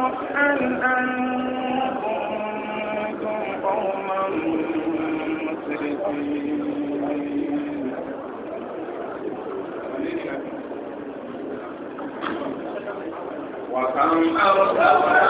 أن أنتم قوما مسرفين وكم أرسلنا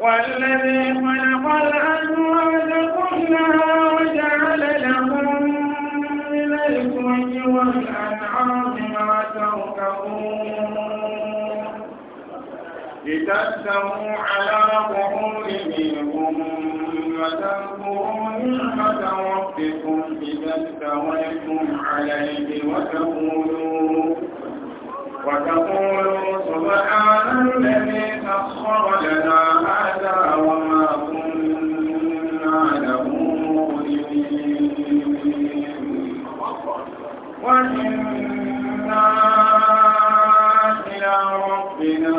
والذي خلق الأزواج كلها وجعل لهم من الفلك والأنعام ما تركبون لتستووا على ظهوره ثم تذكروا نعمة ربكم إذا استويتم عليه وتقولوا وتقولوا سبحان الذي سخر لنا وما كنا وإنا إلى ربنا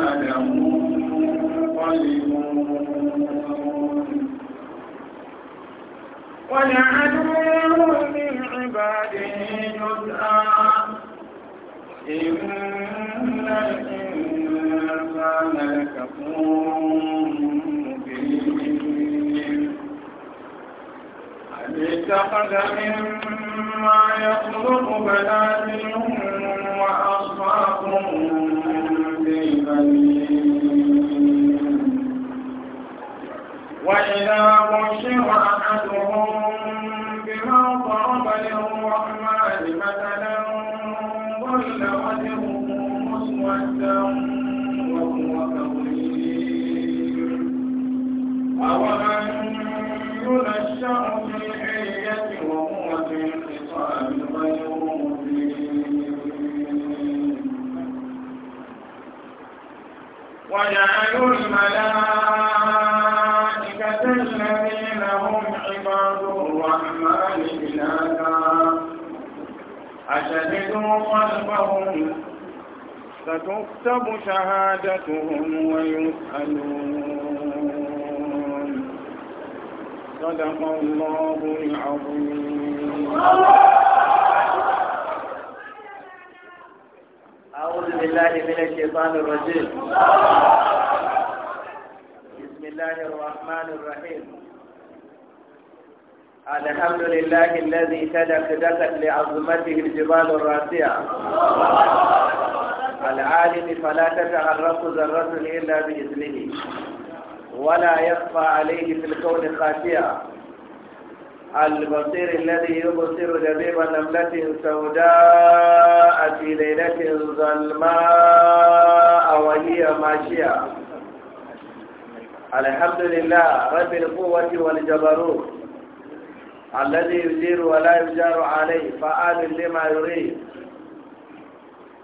من عباده جزءا إن الإنسان لكفور اتخذ مما يخلق بنات وأصحابهم وإذا بشر أحدهم بما ضرب للرحمن مثلا ظل وجهه مسودا وهو كظيم أومن ينشأ في وجعلوا الملائكة الذين هم عباد الرحمن إناثا أشهدوا قلبهم ستكتب شهادتهم ويسألون صدق الله العظيم أعوذ بالله من الشيطان الرجيم بسم الله الرحمن الرحيم الحمد لله الذي تدكدكت لعظمته الجبال الراسية العالم فلا تتعرف ذرة إلا بإذنه ولا يخفى عليه في الكون خاشية البصير الذي يبصر لبيب نملة سوداء في ليلة ظلماء وهي ماشية الحمد لله رب القوة والجبروت الذي يجير ولا يجار عليه فآل لما يريد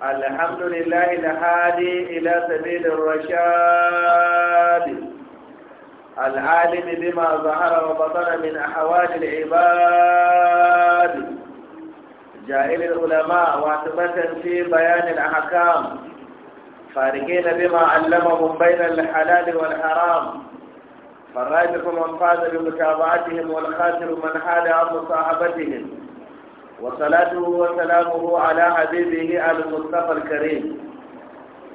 الحمد لله الهادي إلى سبيل الرشاد العالم بما ظهر وبطن من أحوال العباد جاهل العلماء واثبة في بيان الأحكام فارقين بما علمهم بين الحلال والحرام فالراجح من فاز بمتابعتهم والخاسر من حاد عن مصاحبتهم وصلاته وسلامه على حبيبه المصطفى الكريم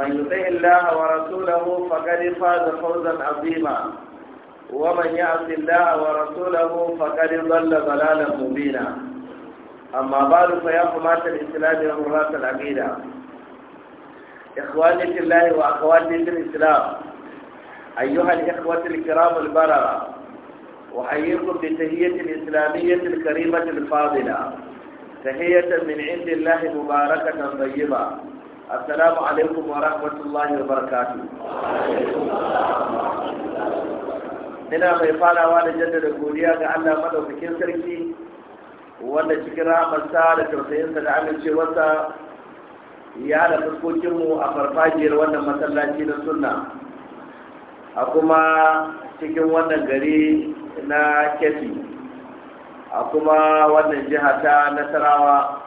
من يطع الله ورسوله فقد فاز فوزا عظيما ومن يعص الله ورسوله فقد ضل ضلالا مبينا أما بعد فيا قمات الإسلام يا مراة العقيدة إخواني في الله وأخواتي في الإسلام أيها الإخوة الكرام البررة أحييكم بتهية الإسلامية الكريمة الفاضلة تهية من عند الله مباركة طيبة assalamu alaikum wa rahmatullahi wa barakatu ina mai farawa da jaddada godiya ga Allah madaukakin sarki wanda cikin rahamarsa da tausayinsa da amincewarsa ya da fuskokinmu a farfajiyar wannan masallaci na sunna a kuma cikin wannan gari na kefi a kuma wannan jiha ta nasarawa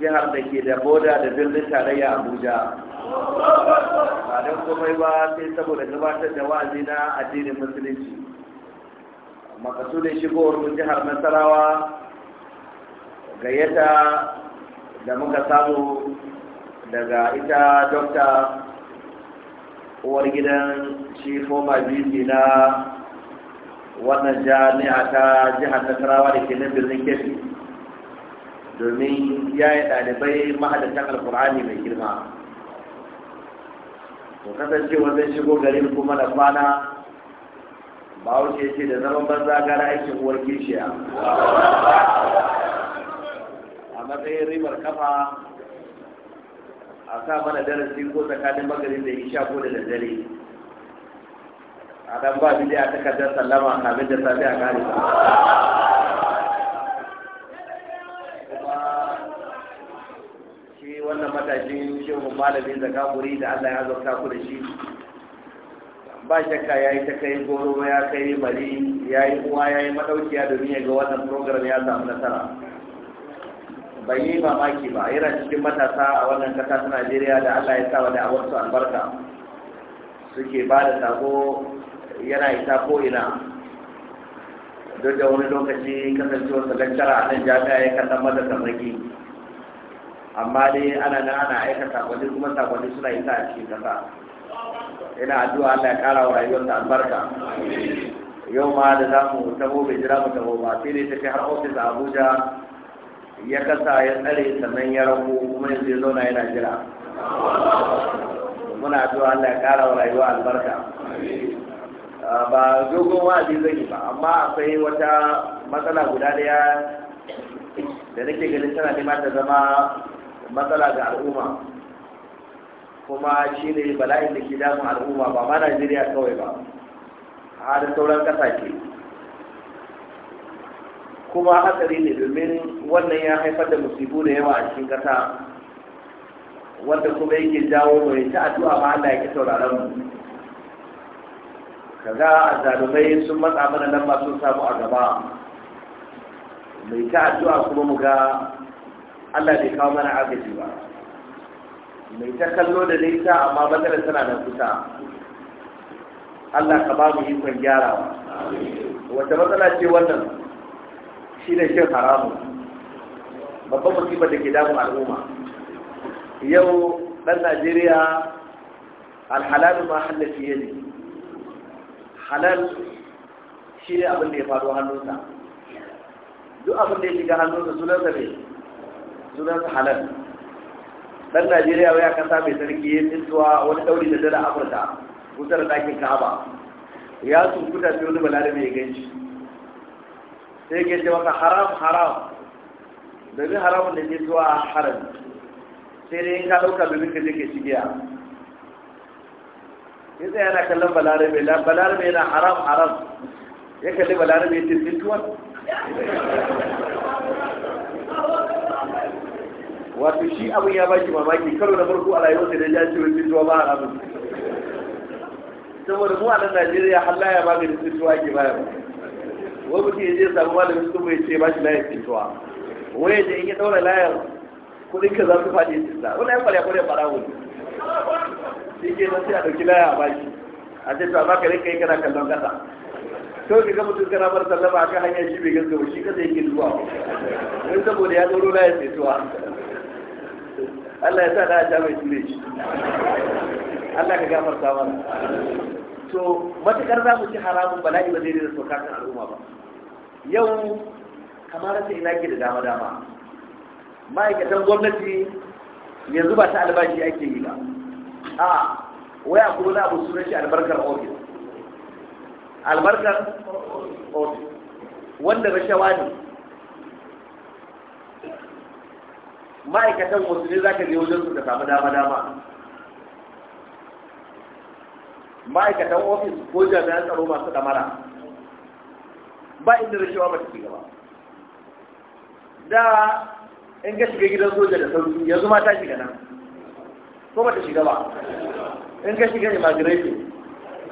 jihar da ke da boda da birnin tarayya abuja ba don komai ba sai saboda gabatar da wa'azi na addinin musulunci makasudin shigowar mun jihar nasarawa gayyata da muka samu daga ita dokta uwar gidan shi foma bc na wannan jami'a ta jihar nasarawa da ke nan birnin kebbi domin ya yi ɗalibai mahadatan alkur'ani mai girma to kasancewa zai shigo garin kuma da kwana ba wuce ce da zama banza gara aikin uwar kishiya a matsayin ribar kafa a sa mana darasi ko tsakanin magarin da isha ko da daddare a dan ba bidiya takardar sallama kamin da safiya kare wannan matashin shehu malamin guri da Allah ya zarta ku da shi ba shakka ya yi ta kai goro ya kai mari ya yi uwa ya yi madaukiya domin ya ga wannan program ya samu nasara bai yi mamaki ba yana cikin matasa a wannan kasa ta najeriya da allah ya sa wa da'awarsu albarka suke ba da sako yana isa ko ina duk da wani lokaci kasancewar sa a nan jami'a ya kan dan mata tarraki amma dai ana nan ana aika sakonni kuma sakonni suna isa a cikin kasa ina addu'a Allah ya kara wa ta albarka yau ma da za mu taho bai jira mu taho ba sai dai tafi har ofis a Abuja ya kasa ya tsare sannan ya rabu kuma ya ya zauna yana jira muna addu'a Allah ya kara wa rayuwa albarka ba dogon wa'azi zan yi ba amma akwai wata matsala guda daya da nake ganin tana nema ta zama matsala ga al'umma kuma shi ne bala'in da ke damun al'umma ba ma najeriya kawai ba a sauran kasashe kuma hatsari ne domin wannan ya haifar da musibu da yawa a cikin kasa wanda kuma yake jawo mai ta addu'a ma Allah ya ki sauraron mu kaga azalumai sun matsa mana nan ba sun samu a gaba mai ta addu'a kuma mu ga Allah bai kawo mana agaji ba mai ta kallo da nisa amma matsalar tana da kusa Allah ka ba mu ikon gyara. wata matsala ce wannan shi ne shin haramu babban musibar da ke damun al'umma yau dan najeriya alhalalu ma hallafi ya ne halal shi ne abin da ya faru hannunsa duk abin da ya shiga hannunsa sunansa ne sunansa halal dan najeriya wai aka same sarki ya tsintuwa wani ɗauri da dala afirka kusa da ɗakin ka'aba ya sunkuta sai wani balarabe mai ganci sai ke ce masa haram haram domin haramun da ke zuwa haram sai dai in ka ɗauka domin ka je ke shigiya yasa yana kallon mai, balarabe mai yana haram haram ya kalli balarabe mai ce tsintuwa wato shi abin ya baki mamaki karo na farko a rayuwarsa da ya ce wani tuwa ba haramun saboda mu a nan Najeriya halla ya ba da tuwa ke baya ba wani mutum ya je samu malamin sun mai ce ba shi layar tuwa wani ya je in ya daura layar kudin ka za su faɗi tuwa wani ya kwarya kwarya fara wani shi ke nan sai a ɗauki layar a bashi a ce tuwa ba ka rinka yi kana kallon kasa kawai ka ga mutum kana bar sallama a kan hanyar shi bai gaskiya shi kasa yake zuwa wani saboda ya ɗauro layar tuwa Allah ya sa da aja mai ture shi Allah ka gafarta mana to matukar za mu ci haramun bala'i ba zai da sauka al'umma ba yau kamar sai ina ke da dama dama ma'aikatan gwamnati yanzu ba ta albashi ake yi ba a waya kuma na abu suna shi albarkar ofis albarkar ofis wanda rashawa ne ma'aikatan wasu ne za ka je wajen su ka samu dama-dama ma'aikatan ofis ko jami'an tsaro masu damara ba inda shewa ba ta gaba da in ka shiga gidan soja da sauki yanzu ma ta shiga nan ko ba ta shiga ba in ka shiga immigration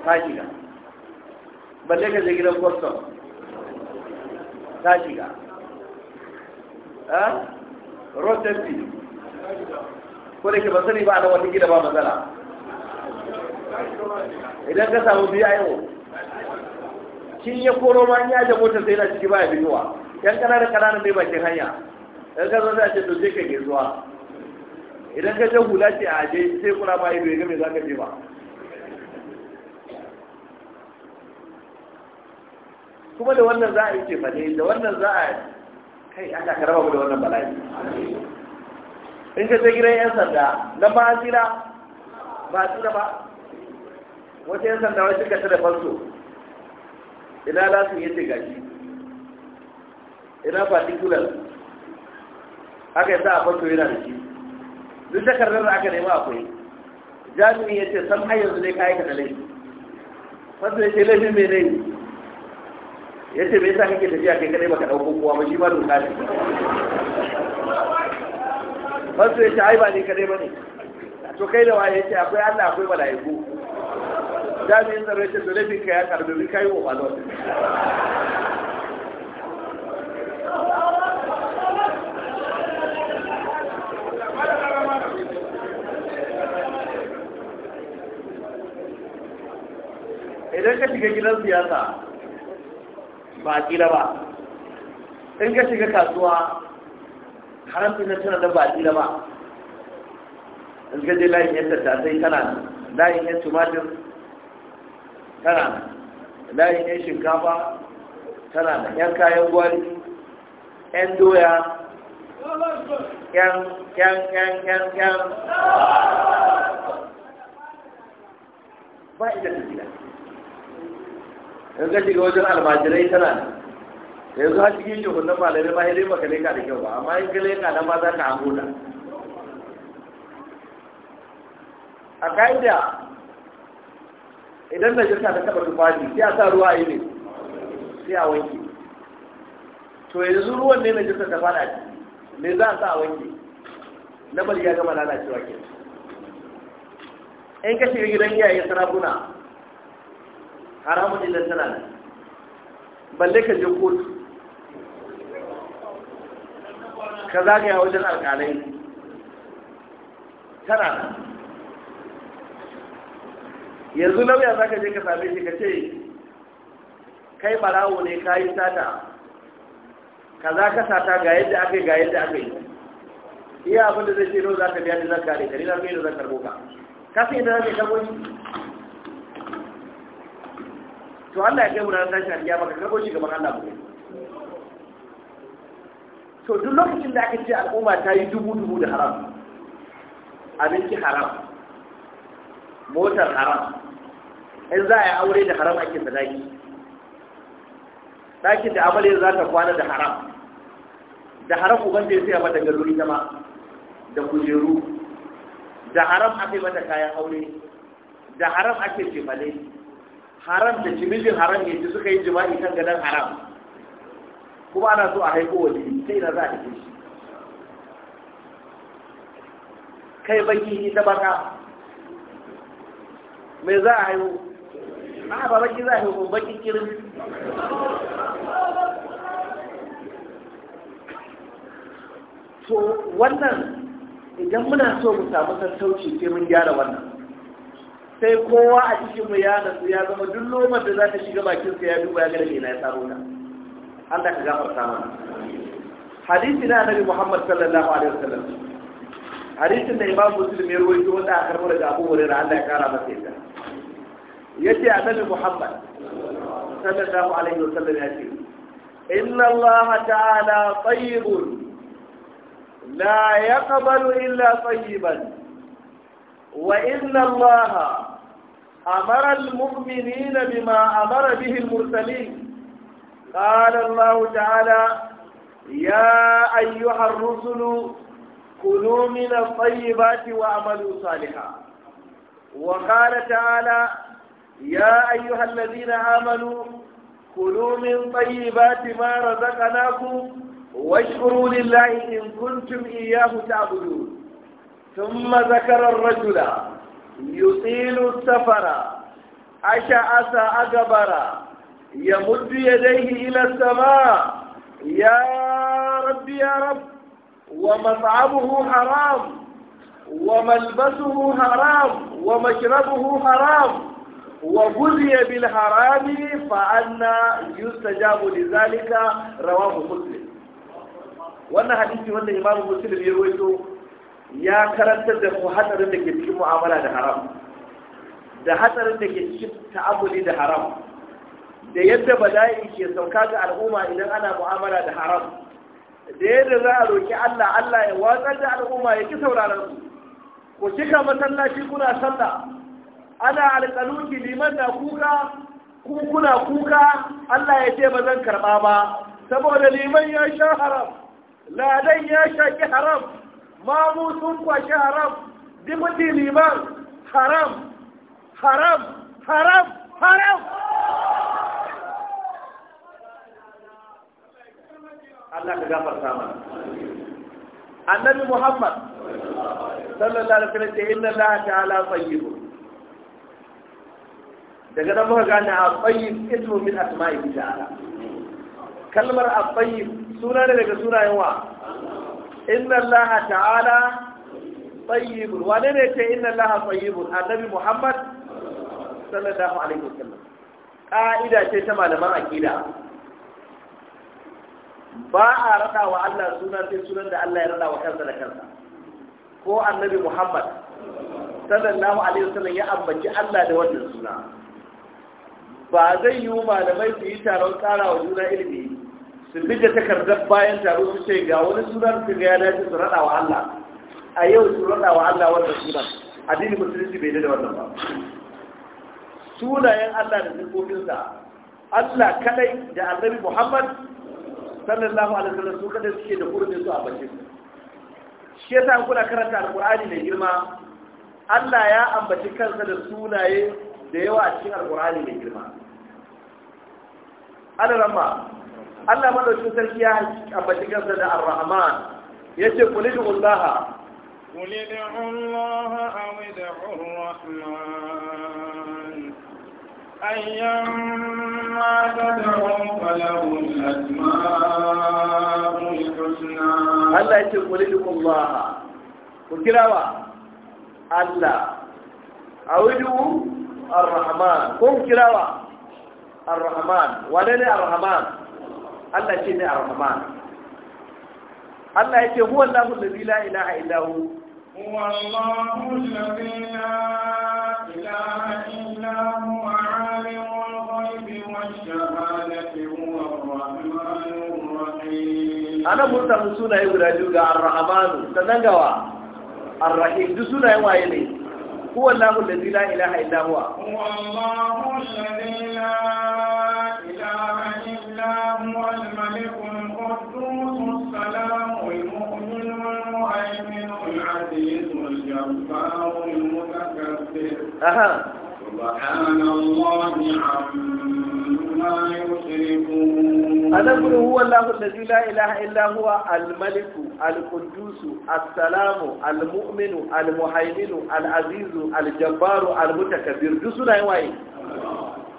ta shiga ba ka je gidan custom ta shiga eh rotarsi ko da ke ba sani ba a nan gida ba matsala idan ka samu biya yau kin ya koro ma ya ja motar sai na ciki ya biyuwa yan kanana kanana ne bakin hanya yan ka zo sai a ce to sai ka gaisuwa idan ka je hula ce a aje sai kuna ma ido ya me za ka je ba kuma da wannan za a yi cefane da wannan za a yi. kai an ka raba mu da wannan bala'i in ka je gidan yan sanda nan ba an tsira ba a tsira ba Wace yan sanda wai suka tare fanso ina za su yi gashi ina particular aka yi sa a fanso yana da shi duk takardar da aka nema akwai jami'in ya ce san har yanzu ne ka aikata laifi fanso ya ce laifin mai laifi ya ce me yasa kake tafiya kai kadai baka dauko kowa ba shi ba doka ne wasu ya ai ba ni kadai ba ne to kai da waye yace akwai Allah akwai mala'iku jami'in tsaro ya ce dole laifin ka ya karbi kai wa balon idan ka shiga gidan siyasa ba a tsira ba in ka shiga kasuwa haramcin na tana da ba a tsira ba in ka je layin ta sai tana layin yan tumatir tana layin yan shinkafa tana da yan kayan gwari yan doya yan yan yan yan yan ba ita ta gida in ka shiga wajen almajirai tana da yanzu a cikin shugunan malamai ma dai baka leka da kyau ba amma in ka leka na ma za ka amuna a ka'ida idan na jirka ta taba tufafi sai a sa ruwa a yi ne sai a wanke to yanzu ruwan ne na jirka ta fada ciki me za a sa a wanke na bali ya gama lalacewa ke in ka shiga gidan iyaye sarakuna haramu idan tana nan balle ka je kotu ka zagaya wajen alƙalai tana nan yanzu lauya za ka je ka same shi ka ce kai barawo ne ka yi sata ka za ka sata ga yadda aka yi ga yadda aka yi iya abinda zai ce nau za ka biya da zan kare ka ni na mai da zan karbo ka kasu idan zai karbo ne? to Allah ya kai mu da tashi ya ka karɓo shi gaban Allah mu to duk lokacin da aka ce al'umma ta yi dubu dubu da haram abinci haram motar haram in za a yi aure da haram ake sadaki ɗakin da amalin za ta kwana da haram da haram uban da ya siya mata garuri ita ma da kujeru da haram aka yi mata kayan aure da haram ake cefale haram da mijin haram ya ci suka yi jima'i kan gadon haram kuma ana so a haiko wani sai na za a ɗauke shi kai baki ta baka mai za a haihu na ba baki za a haihu baki kirin to wannan idan muna so mu samu sassauci sai mun gyara wannan sai kowa a cikin mu ya nasu ya zama duk lomar da za ta shiga bakin sa ya duba ya ga daga ina ya samu ta Allah ka gafarta mana hadisi na annabi Muhammad sallallahu alaihi wasallam hadisin da Imam Muslim ya rawaito wanda aka karbo daga Abu Hurairah Allah ya kara masa yadda yace annabi Muhammad sallallahu alaihi wasallam ya ce inna Allah ta'ala tayyibun la yaqbalu illa tayyiban wa inna Allah أمر المؤمنين بما أمر به المرسلين قال الله تعالى يا أيها الرسل كلوا من الطيبات وعملوا صالحا وقال تعالى يا أيها الذين آمنوا كلوا من طيبات ما رزقناكم واشكروا لله إن كنتم إياه تعبدون ثم ذكر الرجل يطيل السفر أشعث أكبر يمد يديه إلى السماء يا رب يا رب ومطعمه حرام وملبسه حرام ومشربه حرام وغذي بالحرام فأنا يستجاب لذلك رواه مسلم وانا حديثي وانا إمام مسلم يرويته ya karantar da ku hatsarin da ke cikin mu'amala da haram da hatsarin da ke cikin ta'amuli da haram da yadda bala'i ke sauka ga al'umma idan ana mu'amala da haram da yadda za a roƙi Allah Allah ya watsar da al'umma ya ki sauraron su ku cika masallaci kuna sallah ana alƙaluki liman na kuka ku kuna kuka Allah ya ce ba zan karɓa ba saboda liman ya sha haram ladan ya shaki haram mamu sun kwashi haram dimiti liman haram haram haram haram Allah ka gafarta mana annabi Muhammad sallallahu alaihi wasallam inna Allah ta'ala tayyibun daga nan muka gane a tsayin ismu min asma'i ta'ala kalmar a tsayin suna ne daga sunayen wa inna allaha ta'ala tayyibun wane ne ce inna allaha tayyibun annabi muhammad sallallahu alaihi wasallam ka'ida ce ta malaman aqida ba a rada wa Allah sunan sai sunan da Allah ya rada wa kansa da kansa ko annabi muhammad sallallahu alaihi wasallam ya ambaci Allah da wannan suna ba zai yi malamai su yi taron tsara wa juna ilimi su da takardar bayan taro su ce ga wani sunan su ga ya dace su raɗa wa Allah a yau su raɗa wa Allah wannan sunan addini musulunci bai da wannan ba sunayen Allah da sa Allah kadai da annabi Muhammad sallallahu alaihi wasallam su kadai suke da gurbin su a bakin shi yasa kuna karanta alqur'ani mai girma Allah ya ambaci kansa da sunaye da yawa a cikin alqur'ani mai girma Allah Allah madaukin sarki ya ambaci kansa da Ar-Rahman yace qul ud'ullaha qul ud'ullaha aw ud'ur rahman ayyamma tad'u falahu al-asma'ul husna Allah yace qul ud'ullaha ku kirawa Allah aw ud'u ar-Rahman kun kirawa ar-Rahman wane ne ar-Rahman Allah ce ne ar Allah yake huwa Allahu allazi la ilaha illa hu huwa Allahu allazi la ilaha illa hu alimul ghaibi wash-shahadati huwa ar-rahmanur rahim ana mutsa sunaye guda biyu ga ar-rahman sannan gawa ar-rahim duk sunayen waye ne huwa Allahu allazi la ilaha illa huwa huwa Allahu allazi la إله إلا هو الملك القدوس السلام المؤمن المهيمن العزيز الجبار المتكبر سبحان الله عما يشركون أنا أقول هو الله الذي لا إله إلا هو الملك القدوس السلام المؤمن المهيمن العزيز الجبار المتكبر جسنا يوين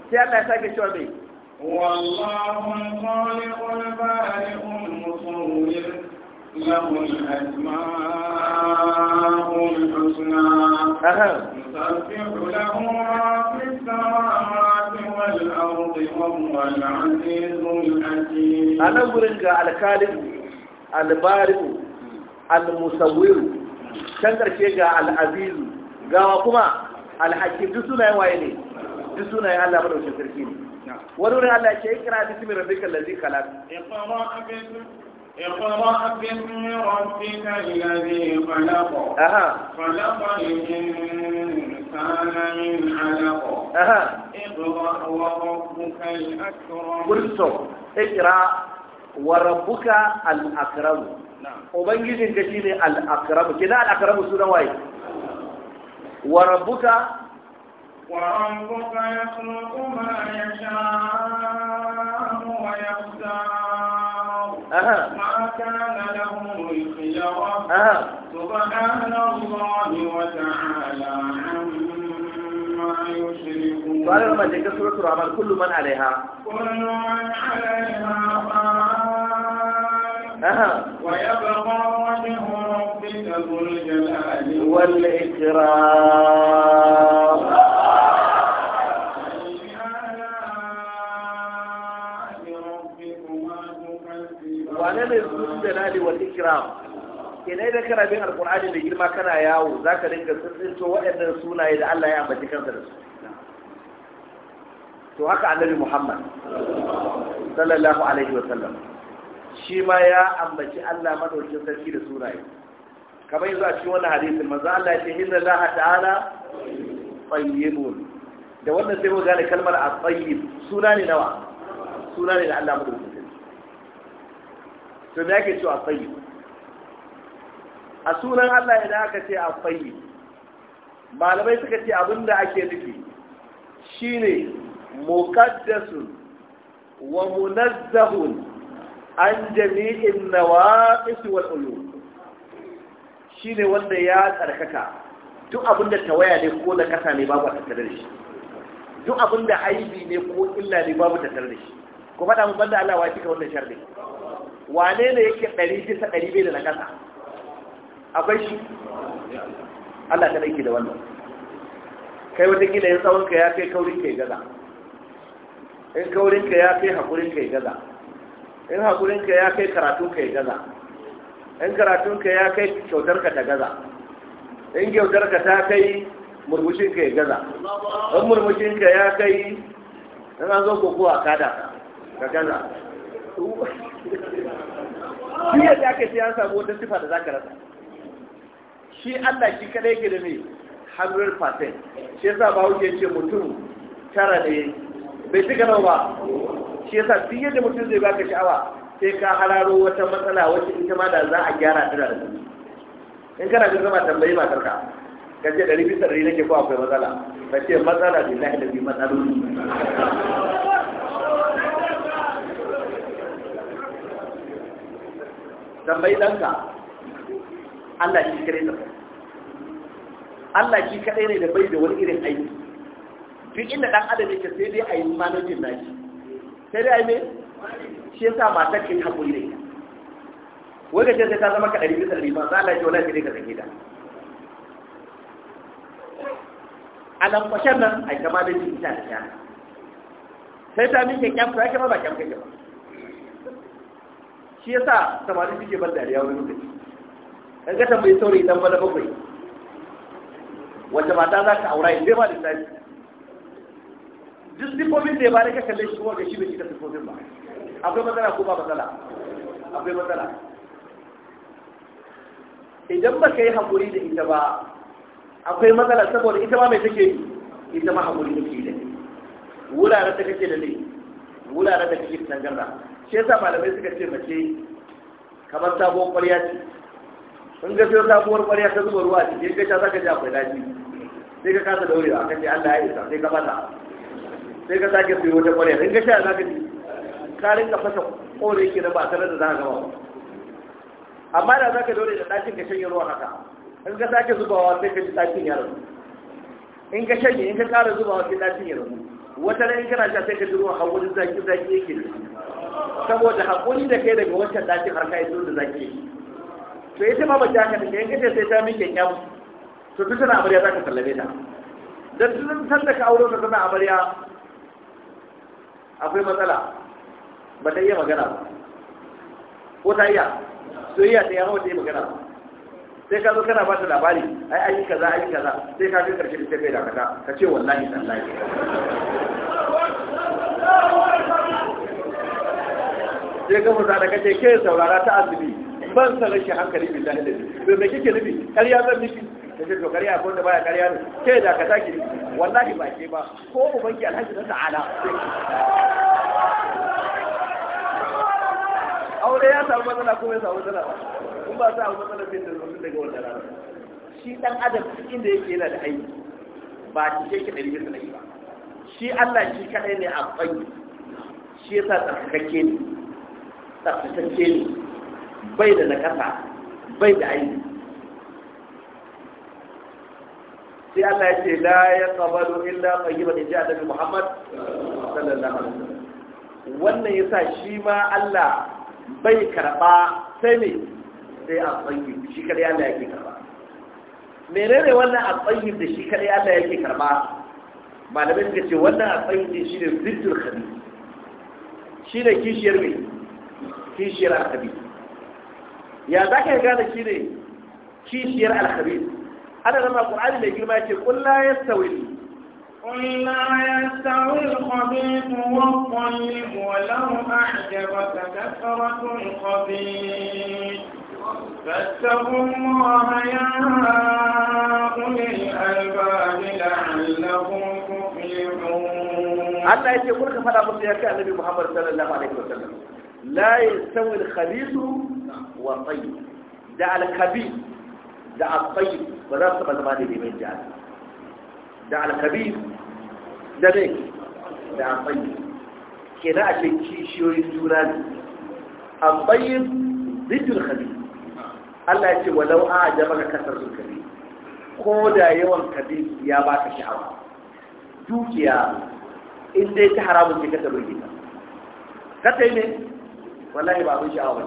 sai Allah ya sake والله الخالق البارئ المصور له الأسماء الحسنى يسبح له ما في السماوات والأرض وهو العزيز الحكيم أنا أقول لك الخالق البارئ المصور can ƙarshe ga al'azizu gawa kuma alhakim duk sunayen waye ne duk sunayen Allah madaukakin ورور الله شيء كرا اسم ربك الذي خلق اقرأ باسم ربك الذي خلق أها. خلق الإنسان من علق أها. اقرأ وربك الأكرم برسو اقرأ وربك الأكرم نعم. وبنجي الكثير الأكرم كذا الأكرم سنوائي وربك وربك يخلق ما يشاء ويختار ما كان له أها. سبحان الله وتعالى عما يشركون قال لما تلك سورة كل من عليها كل من عليها فان ويبقى وجه ربك ذو الجلال والإكرام jalali wal ikram ina idan kana bin alqur'ani da girma kana yawo zaka dinga tsintsinto waɗannan sunaye da Allah ya ambaci kansa da su to haka annabi Muhammad sallallahu alaihi wa sallam shi ma ya ambaci Allah madaukin sarki da sunaye kamar yanzu a cikin wannan hadisin manzo Allah ya ce inna Allah ta'ala tayyibun da wannan sai mu gane kalmar at-tayyib suna ne nawa suna ne da Allah madaukin to me ake cewa tsayi a sunan Allah idan aka ce a malamai suka ce abinda ake nufi shine muqaddasun wa munazzahun an jami'in nawaqis wal ulum shine wanda ya tsarkaka duk abinda tawaya ne ko da kasa ne babu a tattare da shi duk abinda aibi ne ko illa ne babu tattare da shi ko faɗa mu banda Allah wa kika wannan sharri wane ne yake ɗari bisa ɗari bai da na akwai shi Allah ta ɗanki da wannan kai watakila yin tsawonka ya kai kaurin kai gaza in kaurinka ya kai haƙurin kai gaza in haƙurinka ya kai karatun kai gaza in karatunka ya kai kyautarka ta gaza in kyautarka ta kai murmushinka ya gaza in murmushinka ya kai in an zo kokowa kada ka gaza shi yadda aka ce an samu wata sifa da za ka rasa shi Allah shi kadai yake da mai 100% shi yasa ba hujje ce mutum tara ne bai shiga nawa ba shi yasa duk yadda mutum zai baka sha'awa sai ka hararo wata matsala wacce ita ma da za a gyara ta da in kana ga zama tambayi matarka ka ce ɗari bisa ɗari nake ko akwai matsala ka ce matsala billahi da bi matsaloli tambayi ɗanka Allah shi kare da Allah shi kaɗai ne da bai da wani irin aiki duk inda ɗan adam yake sai dai a yi manajin nashi sai dai a yi ne shi yasa ba ta kin haƙuri ne wai ga sai ta zama ka ɗari bisa ɗari ba za a lafi wani sai ka zage da a nan kwashen nan a kama da jiki ta da shana sai ta miƙe kyamfa ya kama ba kyamfa ba shi yasa samari suke ban dariya wani lokaci kan ga tambayi saurayi dan bala bakwai wanda mata za ka aura yanzu ba lissafi duk siffofin da ya bari ka kalle shi kuma ga shi bai cika siffofin ba akwai matsala ko ba matsala akwai matsala idan ba ka yi haƙuri da ita ba akwai matsala saboda ita ma mai take yi ita ma haƙuri yi da wuraren da kake da ne wuraren da kake tangarda ce yasa malamai suka ce mace kamar sabuwar ƙwarya ce in ga siyo sabuwar ƙwarya ta zuba ruwa a ga sha za ka ji akwai daji sai ka kasa daure a ce Allah ya isa sai ka bata. sai ka sake siyo wata ƙwarya in gaisha za zaka ji ka rinka fasa ƙore ke na ba tare da za ka gama amma da za ka daure da ɗakin ka shanye ruwa haka in ka sake zubawa sai ka ji ɗakin ya in ka shanye in ka ƙara zubawa sai ɗakin ya wata ran in kana sha sai ka ji ruwa da zaki zaki yake da shi saboda hakuri da kai daga wancan ɗakin har kai da zaki to ita ma mace haka take kace sai ta miƙe kyam to duk tana amarya za ka sallame ta dan duk san da ka aure ta tana amarya akwai matsala ba ta iya magana ba ko ta iya to iya ta yawo ta yi magana ba sai ka zo kana ba ta labari ai ayi kaza ayi kaza sai ka ga karshe sai kai da kaza ka ce wallahi sallahi sai ga musa da kace ke saurara ta azumi ban san rashin hankali da me kike nufi zan baya ne ke da ka taki wallahi ba ke ba ko alhaji ta'ala aure ya samu matsala ko ya samu matsala ba kun ba sa matsala da zuwa daga wannan rana shi dan adam inda yake yana da aiki ba ki ba shi Allah shi kadai ne a fanki shi yasa ne tsaftatacce ne bai da nakasa bai da aini sai Allah ya ce la ya qabalu illa tayyiban inji annabi Muhammad sallallahu alaihi wasallam wannan yasa shi ma Allah bai karɓa sai ne sai a tsayi shi kada Allah yake karba menene wannan a tsayi da shi kada Allah yake karɓa? malamai suka ce wannan a tsayi shi ne zikr khabir shi ne kishiyar mai kishiyar alkhabis يا za قال gane shi ne kishiyar alkhabis ana zama ƙur'ani mai girma ce لا يستوي قل لا يستوي الخبيث والطيب ولو أعجبك كثرة الخبيث فاتقوا الله يا أولي الألباب لعلهم تفلحون. الله يقول كفر أبو النبي محمد صلى الله عليه وسلم. la yastawi al-khabisu wa tayyib da al-khabith da al-tayyib ba za su zama da mai jihar da al-khabith da ne da al-tayyib kenan a kishiyoyin juna ne al-tayyib bidul khabith Allah ya ce walau a jama'a kasar zulkabi ko da yawan kabi ya baka sha'awa dukiya in dai ta haramun ce ta burge ka ka wallahi ba abin sha'awa ne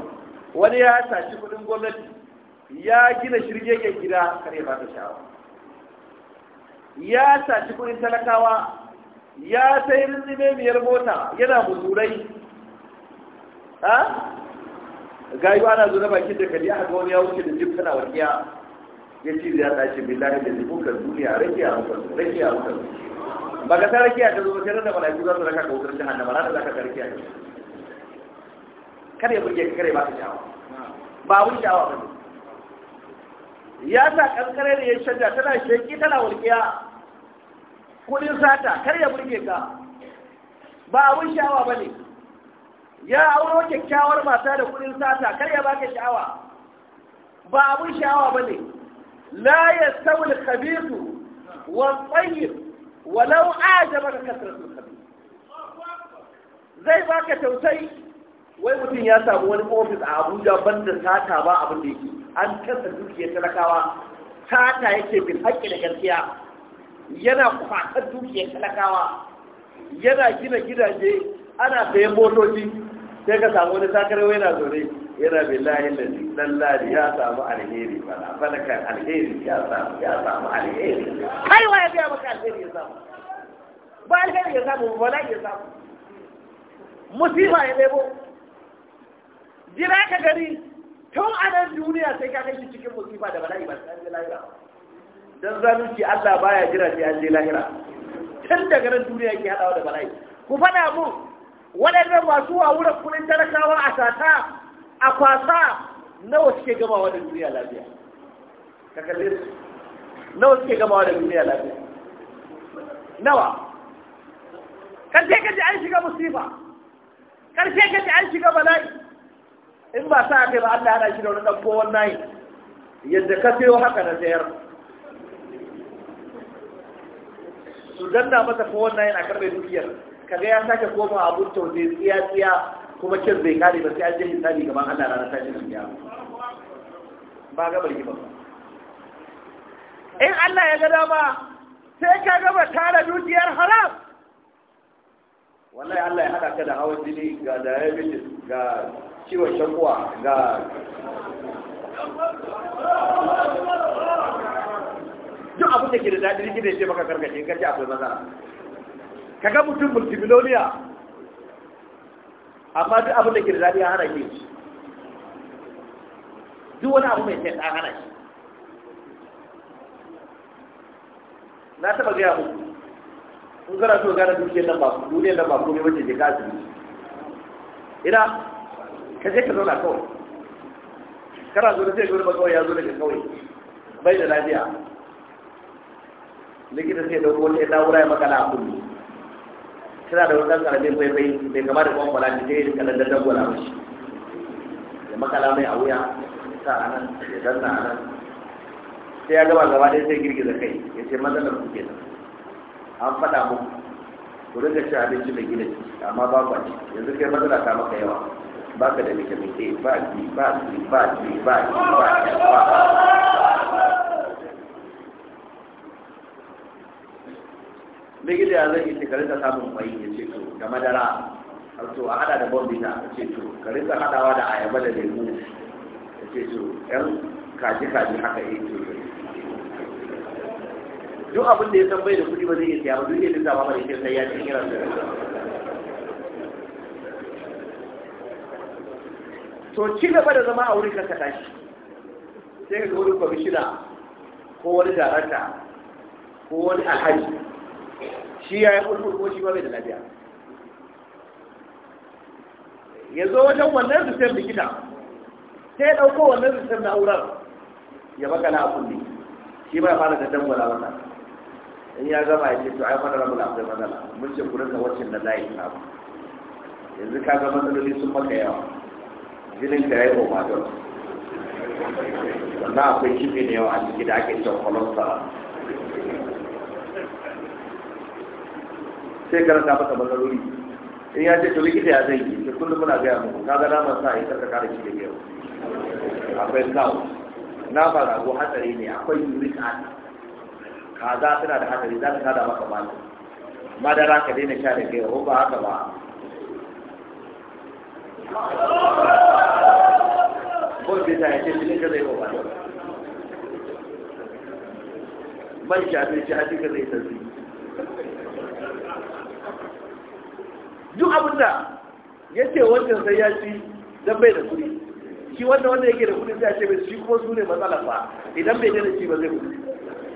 wani ya tashi kudin gwamnati ya gina ke gida kare ba ta sha'awa ya tashi kudin talakawa ya sai rinzime miyar mota yana muturai ha gayu ana zo na bakin da kali a wani ya wuce da jib tana warkiya ya ci ya tashi billahi da zibukar duniya rake a mutar rake a mutar ba ka ta rake a ta zo sai da mala'iku za su raka ka wutar jihannama ranar da ka ta rake a ta kare burge kare ba ka sha'awa ba wun sha'awa ba ne ya sa kankare da ya shanja tana sheki tana walƙiya kudin sata kar ya burge ka ba abun sha'awa ba ne ya auro kyakkyawar mata da kudin sata kar ya baka sha'awa ba abun sha'awa ba ne la yastawil khabithu wa tayyib walau ajabaka su khabith zai baka tausayi wai mutum ya samu wani ofis a abuja banda sata ba abin da yake an kasa dukiyar talakawa sata yake bin haƙƙi da gaskiya yana kwatar dukiyar talakawa yana gina gidaje ana sayan motoci sai ka samu wani wai yana zaune yana billahi lalli lallari ya samu alheri fana kan alheri ya samu ya samu alheri kai wa ya biya maka alheri ya samu ba alheri ya samu ba ya samu musiba ya lebo jira ka gari tun a nan duniya sai ka kai cikin musifa da bala'i ba sai lahira dan zalunci Allah baya jira sai an je lahira tun daga nan duniya ke hadawa da bala'i ku faɗa mu waɗannan masu wurin kuɗin talakawa a sata a kwasa nawa suke gamawa da duniya lafiya ka kalle nawa suke gamawa da duniya lafiya nawa ka ji an shiga musifa ka ji an shiga bala'i in ba sa kai ba Allah yana shi da wani ɗan yadda ka sayo haka na sayar su danna masa ko wannan a karɓe dukiyar kaga ya sake koma abun tausayi tsiya tsiya kuma kin zai kare ba sai an je hisabi gaban Allah ranar tashin kiyama ba ga barki ba in Allah ya ga dama sai ka ba tara dukiyar haram ya Allah ya hada ka da hawan jini ga diabetes ga ciwon shakuwa ga duk abin da ke da daɗi likita ya ce maka karkace ka ce akwai maza ka ga mutum multimiloniya amma duk abin da ke da daɗi ya hana ke duk wani abu mai sai ta hana shi na taɓa gaya muku kun kana so gane dukiyar nan ba duniyar nan ba komai wace je ka asibiti ina ka je ka zauna kawai kana zo da zai zo ba kawai ya zo daga kawai bai da lafiya likita sai dauko wata na'ura ya makala a kullu tana da wani karamin bai mai kama da kwamfala ne ta yi kalan da dangwala mashi ya makala mai a wuya sa a nan ya danna a nan sai ya gaba gaba ɗaya sai girgiza kai ya ce mazanar kuke nan an faɗa muku ku rinka cin abinci mai gina jiki amma ba ku ci yanzu kai matsala ta maka yawa ba ka da vitamin a ba b ba c ba d ba e ba f ba likita ya zai ce ka rinka samun mai ya ce to da madara har to a hada da bombita ya ce to ka rinka hadawa da ayaba da lemu ya ce to yan kaji kaji haka ya ce to duk abin da ya san bai da kuɗi ba zai iya siya ba duk yadda zama mai sai ya ci kiran da to ci gaba da zama a wurin kanka tashi sai ka ga wani shida, ko wani darakta ko wani alhaji shi ya yi ulfur ko shi ba bai da lafiya ya zo wajen wannan rusar likita sai ya ɗauko wannan rusar na'urar ya baka na a kunne shi ba ya fara da dangwala wannan. in ya gama ya ce to ai mana rabu akwai matsala mun ce ku rasa wacce na layi na yanzu ka ga matsaloli sun maka yawa jinin ka yayi omadon wannan akwai kifi ne yawa a cikin da ake cewa sa. sai karanta masa matsaloli in ya ce to likita ya zai yi ke kullum muna gaya muku ka ga naman sa yi karka kare shi da yau akwai sa'o na ba rago hatsari ne akwai uric acid kaza suna da hatsari za su tada maka bani madara ka daina sha da kai ba haka ba ko bai ta yace shi ka zai ba man sha bai shi haji ka zai tsari duk abin da ya ce wancan sai ya ci don bai da kuɗi shi wanda wanda yake da kuɗi sai ya ce bai shi kuma su ne matsala ba idan bai da shi ba zai kuɗi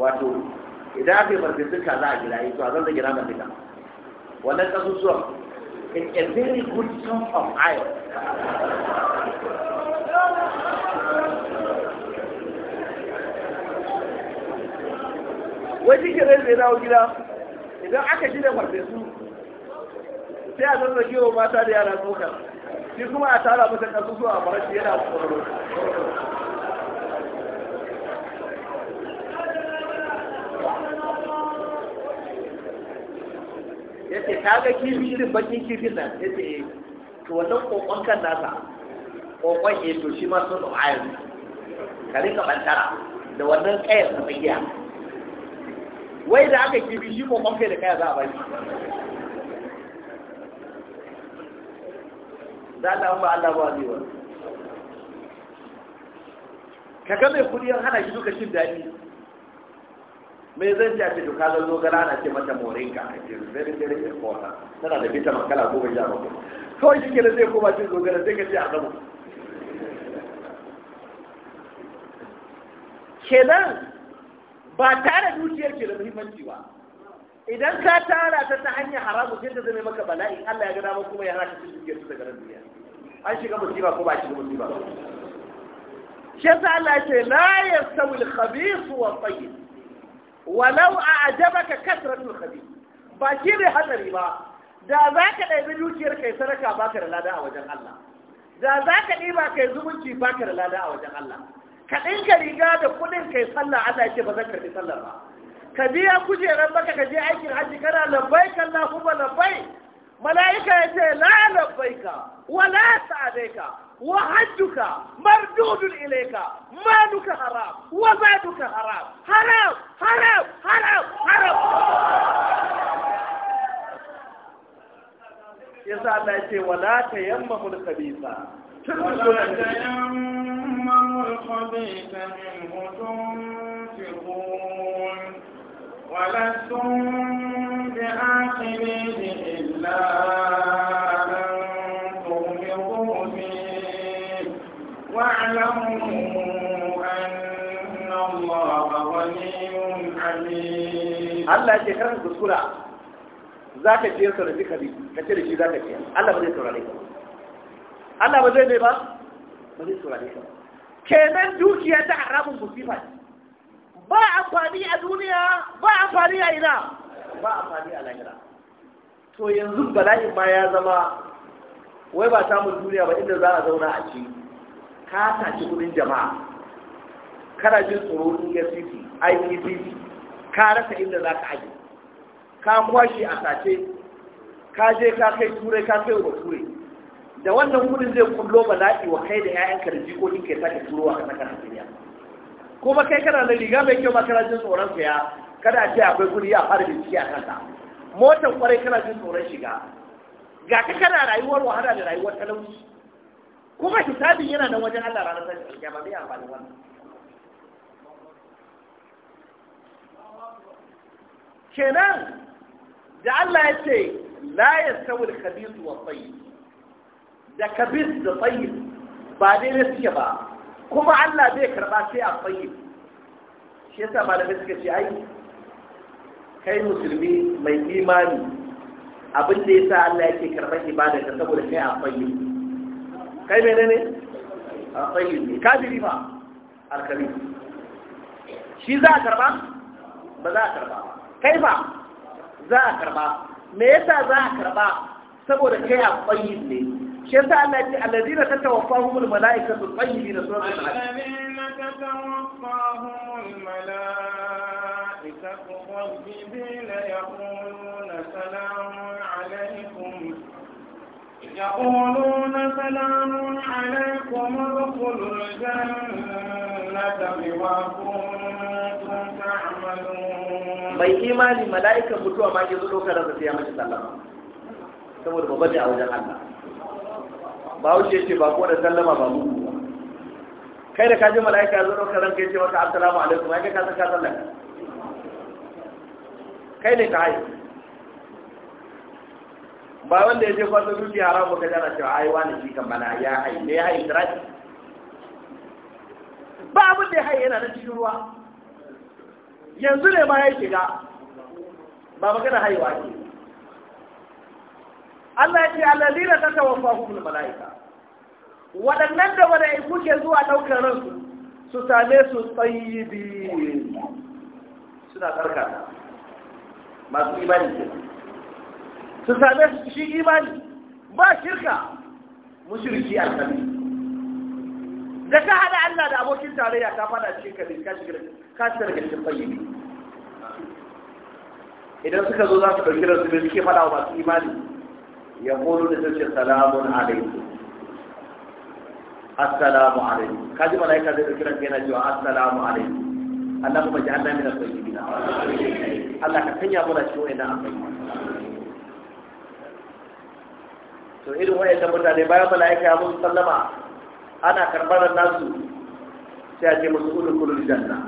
wato idan aka yi farfesun kaza a gida yi to a zan da gira mallaka wannan kasusuwan in a very good ton of iron wani kiran zai dawo gida idan aka ji da su sai a zan zage mata da yara tsokar shi kuma a tara masa kasusuwa a farashi yana kwararo ya ce ta ga kifi irin bakin kifin nan ya ce eh. to wannan kokon kan nasa kokon ya eh, to shi ma sun kare ka rika bantara da wannan kayar ta tsakiya wai da aka kifi shi kokon kai da kaya za a bari za a ba Allah ba zai wani ka ga mai kudi hana shi duka shi daɗi me zan ci a ce duka zan zogala ana ce mata morinka a ke very very important tana da vitamin kala goma sha bakwai kawai shi kenan zai koma cin zogala sai ka ce a zama kenan ba tara dukiyar ke da muhimmanci ba idan ka tara ta ta hanyar haramu sai ta zama maka bala'i Allah ya ga dama kuma ya hana cin dukiyar su daga nan duniya an shiga musiba ko ba shiga musiba ba shi yasa Allah ya ce la yastawi al-khabith wa tayyib walau a ajabaka kasratul khabith ba shi ne hatsari ba da za ka ɗaibi dukiyar kai sadaka baka da lada a wajen Allah da za ka ɗiba kai zumunci baka da lada a wajen Allah ka ɗinka riga da kuɗin kai sallah Allah ya ce ba zan karɓi sallah ba ka biya kujerar baka ka je aikin hajji kana labbai kan kuma labbai mala'ika ya ce la labbai ka wa la sa'adai ka وحجك مردود إليك مالك حرام وبعدك حرام حرام حرام حرام حرام يا الله يقول ولا تيمم الخبيثة ولا تيمم الخبيث منه تنفقون ولستم بآخرين إلا Allah ya ce karan kuskura za ka ce sa da duka bi ka ce da shi za ka ce. Allah ba zai saurare ka Allah ba zai ne ba ba zai saurare ka kenan dukiya ta haramun musifa ba amfani a duniya ba amfani a ina ba amfani a lahira to yanzu bala'in ma ya zama wai ba samun duniya ba inda za a zauna a ci ka tashi kudin jama'a kana jin tsoro in ya sisi IPCC ka rasa inda za ka aji, ka kwashe a sace ka je ka kai turai ka kai wa turai da wannan gudun zai kullo ba bala'i wa kai da 'ya'yanka da jikokin ta ke sake turowa ka saka Najeriya kuma kai kana da riga mai kyau kana jin tsoron ya kada ce akwai guri ya fara bincike a kanta. motar kwarai kana jin tsoron shiga ga ka kana rayuwar wahala da rayuwar talauci kuma hisabin yana da wajen Allah ranar tashin alƙiyama bai amfani wannan kenan da Allah ya ce la sau da khabith wa tsayi da kabis da tsayi ba na suke ba kuma Allah zai karba sai a tsayi shi yasa malamai suka ce ai kai musulmi mai imani abinda da sa Allah yake karban ibada ka saboda kai a tsayi kai menene a tsayi ne kafiri ba al shi za a karba ba za a karba kai ba za a karba me yasa za a karba saboda kai a tsayin ne shi yasa Allah ya ce allazina tatawaffahumul malaikatu tayyibin sura al-alazina tatawaffahumul malaikatu tayyibin yaquluna salamun يقولون سلام عليكم ادخلوا الجنة بما كنتم تعملون mai imani mala'ikan mutuwa ma ke zo ɗaukar da sai ya mace sallama saboda babba ne a wajen Allah ba wuce ce ba ko da sallama ba mu kai da kaji mala'ika ya zo ɗaukar ranka ya ce maka assalamu alaikum ai kai ka san ka sallama kai ne ka haihu ba wanda ya je kwasa dukiya haramu ka jana cewa ai wani shi kan bana ya hai ne ya hai tiraki ba abin da ya hai yana na cikin ruwa yanzu ne ma ya shiga ba magana haiwa ce Allah ya ce fahu tatawaffahum mala'ika. waɗannan da wani kuke zuwa ɗaukar ransu su same su tsayibi suna karkata masu imani kenan sun same su shi imani ba shirka mushriki kan da ka hada Allah da abokin tarayya ka fada cikin kadin ka shigar ka shigar daga cikin fayyibi idan suka zo za su dauki da su ne suke fada wa masu imani ya koyo da sace salamun alaikum assalamu alaikum kaji malaika zai ɗauki ranka yana cewa assalamu alaikum Allah kuma ji Allah mina tayyibina Allah ka sanya mu da shi wa'ina akai to irin ta mutane bayan mala'ika ya musu sallama ana karbar nasu sai a ce musu ulul janna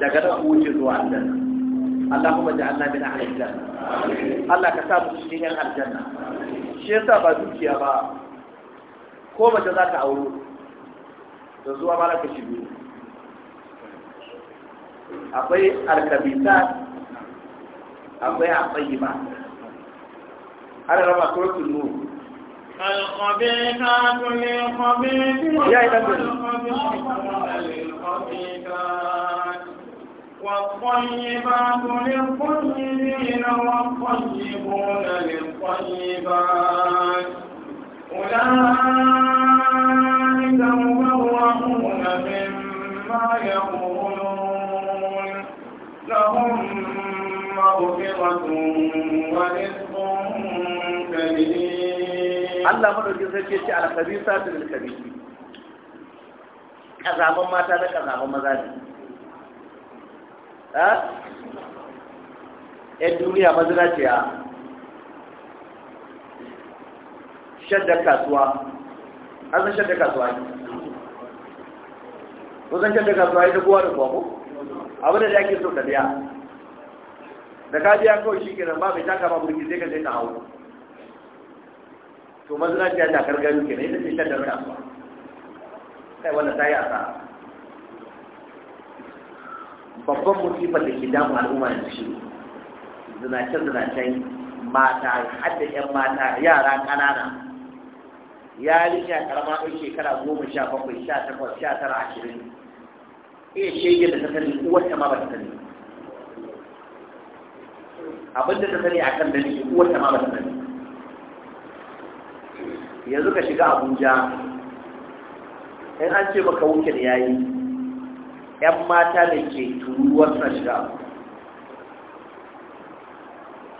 daga nan ku wuce zuwa aljanna kuma ji Allah bin aljanna Allah ka sa mu cikin yan aljanna shi yasa ba dukiya ba ko mace za ka auro da zuwa ma ka shigo akwai alkabita akwai a tsayi ba ana raba kurkun nuru الخبيثات للخبيثات والطيبات للطيبين والطيبون للطيبات أولئك مبرؤون مما يقولون لهم مغفرة ورزق كريم Allah madaukin sarki ce al-khabisa bil khabisi kazaban mata da kazaban maza ne ha ɗan duniya mazina ce ya shadda kasuwa an san shadda kasuwa ne ko san shadda kasuwa ne ta kowa da kowa ko abu da yake so da biya da ka biya kawai shi kenan ba mai taka ba burki sai ka je ka hau to mazinaciya ta gargaru ke ne ita ce shan da rasuwa kai wanda ta yi asara babban musibar da ke damu al'umma yanzu shi zinace-zinacen mata hadda 'yan mata yara ƙanana yarinya karama ɗan shekara goma sha bakwai sha takwas sha tara ashirin iya shege da ta sani uwarta ma ba ta sani abinda ta sani a kan dalili uwarta ma ba ta sani yanzu ka shiga abuja in an ce maka wukin yayi yan mata da ke turuwar suna shiga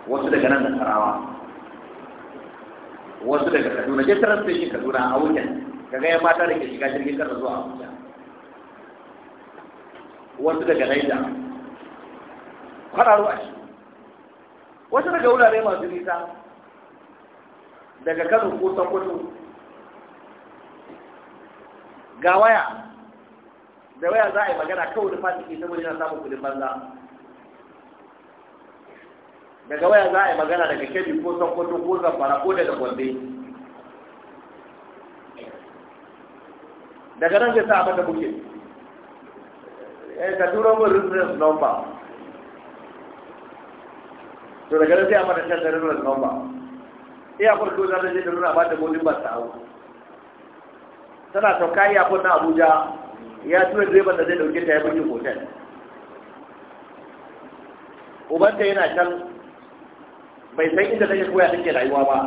wasu daga nan da wasu daga kaduna je tarar station kaduna a wukin kaga yan mata da ke shiga jirgin kan zuwa abuja wasu daga naija kwararo a shi wasu daga wurare masu nisa daga kano ko kudu ga waya da waya za a yi magana kawai da fasiki saboda yana samun kudin banza daga waya za a yi magana daga kebi ko kudu ko zamfara ko daga gombe daga nan zai sa abin da kuke eh ka turo mun number to daga nan zai abin da can da reference number iya farko za ta je da nuna ba da molin ba ta hau tana sauka iya na abuja ya tura direban da zai dauke ta ya bugi hotel ubanta yana can bai san inda take koya take rayuwa ba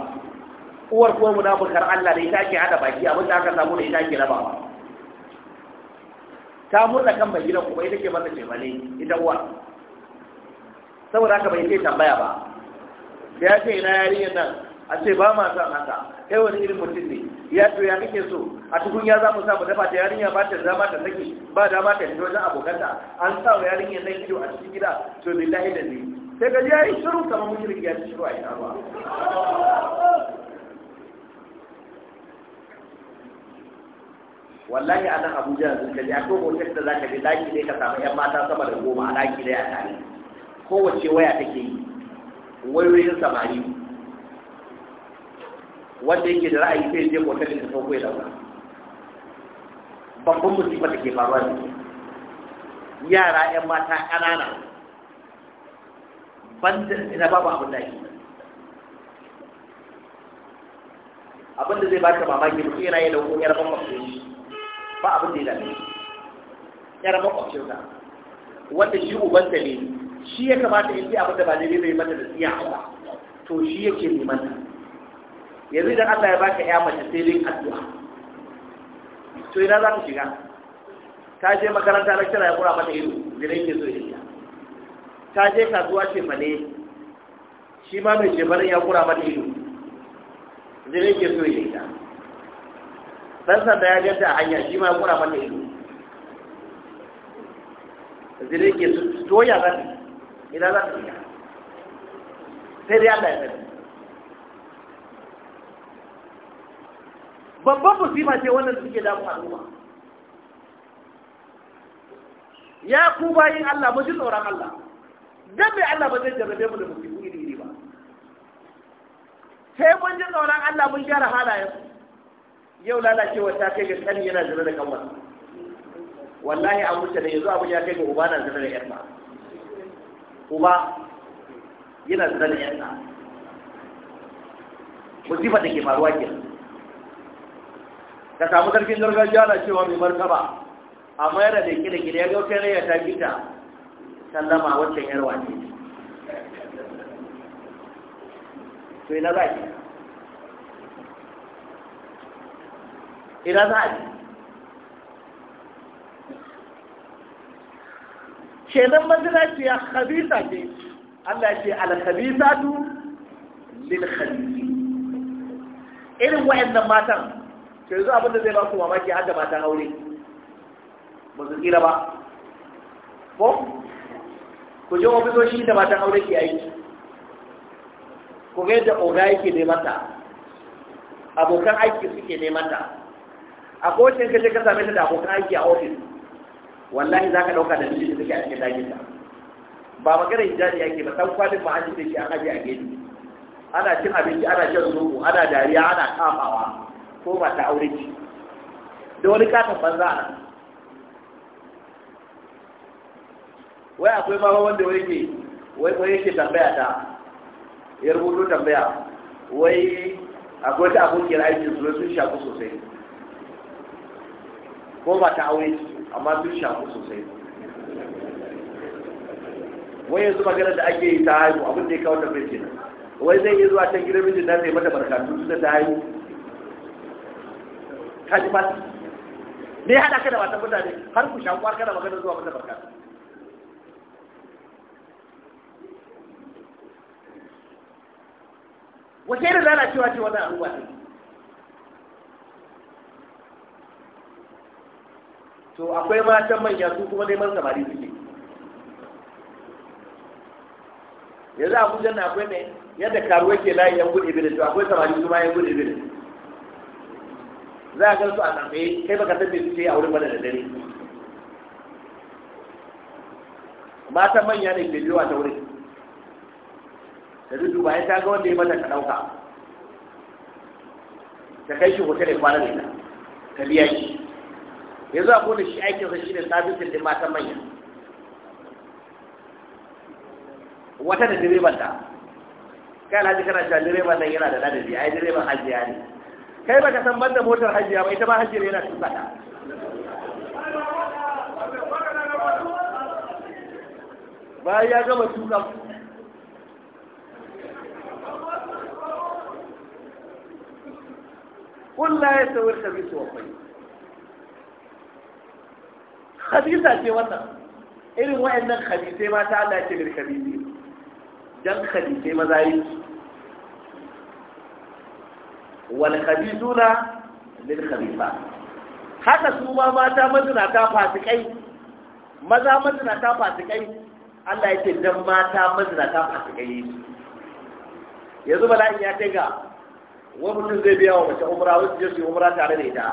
uwar kuwa munafikar Allah da ita ke hada baki abin da aka samu da ita raba rabawa ta murna kan mai gidan kuma ita ke masa cefane ita uwa saboda haka bai sai tambaya ba da ya ce ina yari nan a ce ba ma san haka kai wani irin mutum ne ya to ya kake so a cikin ya za mu sa mu dafa ta yarinya ba ta dama ta saki ba dama ta fito wajen abokanta an sa wa yarinya nan ido a cikin gida to billahi da ni sai ga ji yayi shiru kamar mushriki ya ci shiru a ina ba wallahi a nan abuja yanzu ka ji akwai hotel da zaka bi daki ne ka samu yan mata sama da goma a daki da a tare kowace waya take yi wayoyin samari wanda yake da ra'ayi sai je hotel da sauko ya dauka babban musifa da ke faruwa ne yara yan mata ƙanana banda ina babu abin da ake abin da zai baka mamaki mutum yana yi dauko yar makwabcin ba abin da ya dame yar makwabcin sa wanda shi uban ta ne shi ya kamata in ji abin da ba ne bai mata da siya ba to shi yake neman ta yanzu idan Allah ya baka ya mace sai dai addu'a to ina za ka shiga ta je makaranta na kira ya kura mata ido da ke so ya ta je kasuwa ce male shi ma mai shekarun ya kura mata ido da ke so ya dan sanda ya ganta a hanya shi ma ya kura mata ido da ke so to ya zan ina za ka shiga sai dai Allah ya sani babban musiba ce wannan da suke damu al'umma ya ku bayin Allah mu ji tsoron Allah dan bai Allah ba zai jarrabe mu da musibu iri iri ba sai mun ji tsoron Allah mun gyara halayen yau lalacewa ta kai ga sani yana zira da kanwa wallahi an wuce da yanzu abin ya kai ga uba na zira da yarsa uba yana zira da yarsa musibar da ke faruwa kenan ka samu sarkin gargajiya na cewa mai martaba amma yana da da gida ya gauta wata ya ta sallama wacce yar wace to ina za ki ina za ki kenan manzila ce ya khabisa ce Allah ce al-khabisatu lil khabisi irin wayannan matan to yanzu abin da zai ba ku mamaki har da matan aure ba su tsira ba ko ku je ofisoshi da matan aure ke aiki ku ga yadda oga yake neman ta abokan aiki suke neman ta a kocin ka ka same ta da abokan aiki a ofis wallahi za ka ɗauka da mijin da suke a cikin dakin ta ba magana hijabi yake ba san kwalin ma an ji da an aje a gefe ana cin abinci ana jan zuku ana dariya ana kafawa ko ta aure ce da wani katon banza a nan wai akwai ma wanda wai ke wai wai yake tambaya ta ya rubuto tambaya wai akwai ta abokiyar aikin su sun shaku sosai ko ba ta aure amma sun shaku sosai wai yanzu magana da ake yi ta haihu abin da ya kawo tafiya kenan wai zai iya zuwa can gidan mijin na sai mata barkatu da ta haihu ka ji fasi me ya haɗa ka da matan mutane har ku shakuwar kana magana zuwa mata barka wace irin cewa ce wannan al'umma ne to akwai matan manya su kuma neman samari suke yanzu abuja na akwai ne yadda karuwa ke layi yan gudu ibirin to akwai samari su ma yan gudu ibirin za a gansu su a tsambe kai baka san me suke a wurin bada da dare matan manya ne ke biyuwa ta wurin da dudu ba ya ta ga wanda ya mata ka ɗauka ta kai shi hotel ya kwana da ita ka biya shi yanzu a kone shi aikinsa shi ne sabisin din matan manya wata da direban ta kai alhaji kana cewa direban nan yana da ladabi ai direban hajiya ne kai baka san banda motar hajiya ba ita ba ne yana cikin fada bayan ya gama tukan قل لا يستوي الخبيث والطيب خبيثة ce wannan irin wa'annan khabithai mata Allah ya ce bil khabithai dan khabithai maza yi wal khabithuna lil khabitha haka su ma mata ta fasikai maza ta fasikai Allah ya ce dan mata ta fasikai yanzu in ya kai ga wani mutum zai biya wa mace umra wasu je su yi umra tare da ita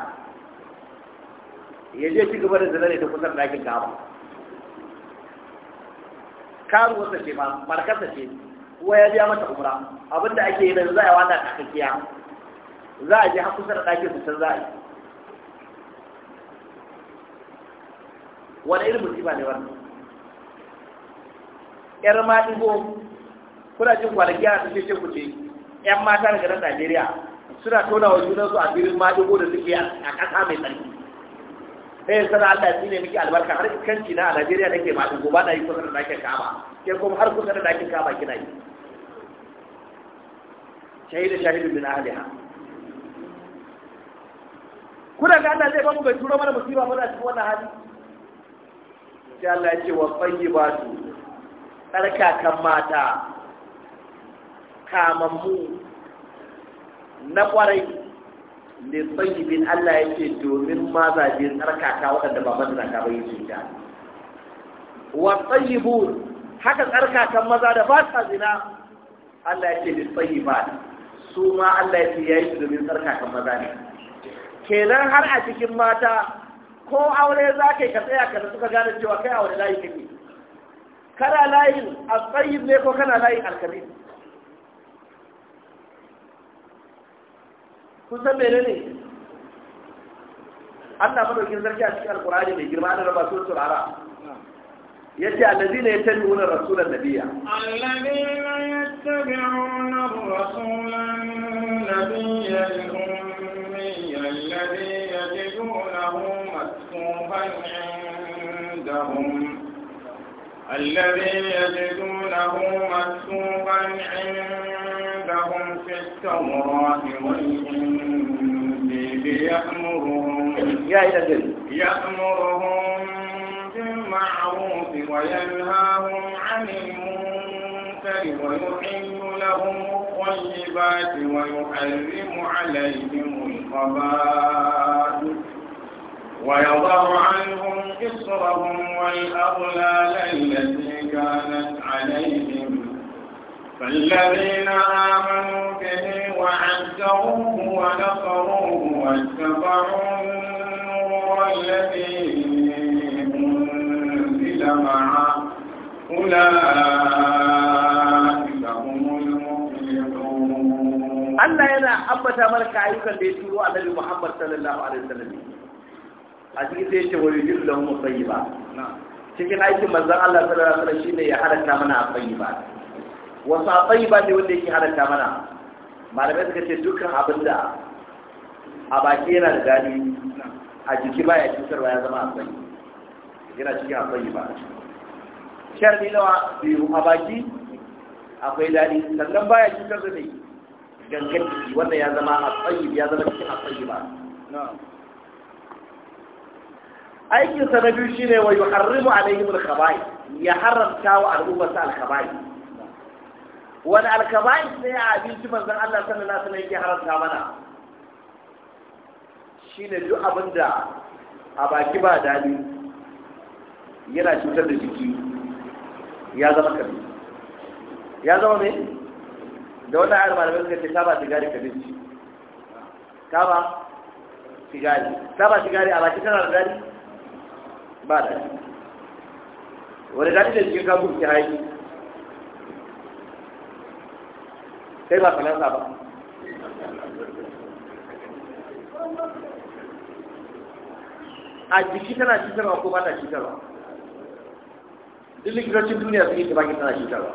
ya je ci gaba da zina ne ta kusan ɗakin kama wata ce ma markasa ce kuwa ya biya mata umra abinda ake yi da za a wata kakakkiya za a je haku kusa da ɗakin su can za a yi wani irin musiba ne wannan yar ma ɗigo kuna jin kwanaki ana tafiye ce ku ce yan mata daga nan najeriya suna tona wa junansu a birnin ma ɗigo da suke a ƙasa mai tsarki ɗaya sana Allah shi ne muke albarka har iskanci na a Najeriya ke ma ɗin ba na yi kusa da ɗakin kama ke kuma har kusa da ɗakin kama kina yi shahidu shahidu min ahliha kuna ga Allah zai ba mu bai turo mana musiba ba za su wani hali sai Allah ya ce wa tsarka tsarkakan mata kamammu na kwarai ne bin Allah ya ce domin mazaje ta waɗanda ba mazanaka ba yi ta wa tsayibu haka tsarkakan maza da ba sa zina Allah ya ce ne ba su ma Allah ya ce ya yi su domin tsarkakan maza ne kenan har a cikin mata ko aure za ka yi ka tsaya ka suka gane cewa kai a wani layi kake kana layin tsayin ne ko kana layin alkali kun san mene ne Allah madaukin sarki a cikin alkurani mai girma da raba sun turara يجي الذين يتبعون الرسول النبي الذين nuna الرسول nabiya مكتوبا عندهم الذي يجدونه مكتوبا عندهم في التوراة والإنجيل يأمرهم يأمرهم بالمعروف وينهاهم عن المنكر ويحل لهم الطيبات ويحرم عليهم الخبائث ويضع عنهم إصرهم والأغلال التي كانت عليهم فالذين آمنوا به وعزروه ونصروه واتبعوا النور الذي أنزل معه أولئك هم المفلحون الله يلا أبدا ملك أيها الذين تروا محمد صلى الله عليه وسلم a cikin sai ce wani yuzu lahu ba. cikin aikin mazan Allah sallallahu alaihi wasallam shine ya halatta mana ba. wasu ba ne wanda yake halatta mana malamai suka ce dukkan abin da a baki yana da dadi a jiki baya ba ya zama asayi yana cikin asayi ba ni nawa biyu a baki akwai dadi sannan baya cutar da ne gangan jiki wanda ya zama a ya zama cikin ba aikinsa na biyu shine wa yuharrimu alaihim al-khaba'i ya haramta wa al'umma sa khabai wani al sai ne a abinci manzon Allah sallallahu alaihi wasallam yake haramta mana shine duk abinda a baki ba dadi yana cutar da jiki ya zama kabi ya zama me da wannan ayar malamai suka ce kaba sigari kabinci kaba sigari kaba sigari a baki tana da dadi ba da wani daɗi da cikin kamun ke haiki sai ba falansa ba a jiki tana cutarwa ko ba ta cutarwa duk likitocin duniya su yi ta baki tana cutarwa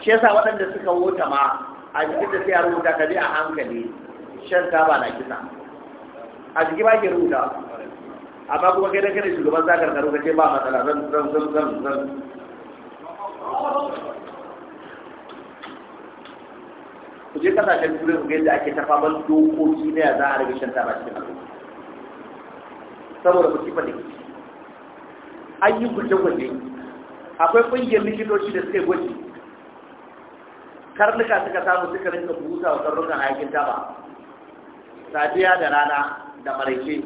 shi yasa waɗanda suka wuta ma a jikin da sai a rubuta ka je a hankali shan taba na kisa a jiki ba ke rubuta amma kuma kai da kai shugaban zakar karu kace ba matsala zan zan zan zan zan ku je kasashen turai ku ga yadda ake ta faman dokoki na ya za a rage shan ba cikin al'umma saboda ku kifa ne an yi gwaje-gwaje akwai ƙungiyar likitoci da suka yi gwaji karnuka suka samu suka rinka busa wa karnukan hayakin taba safiya da rana da maraice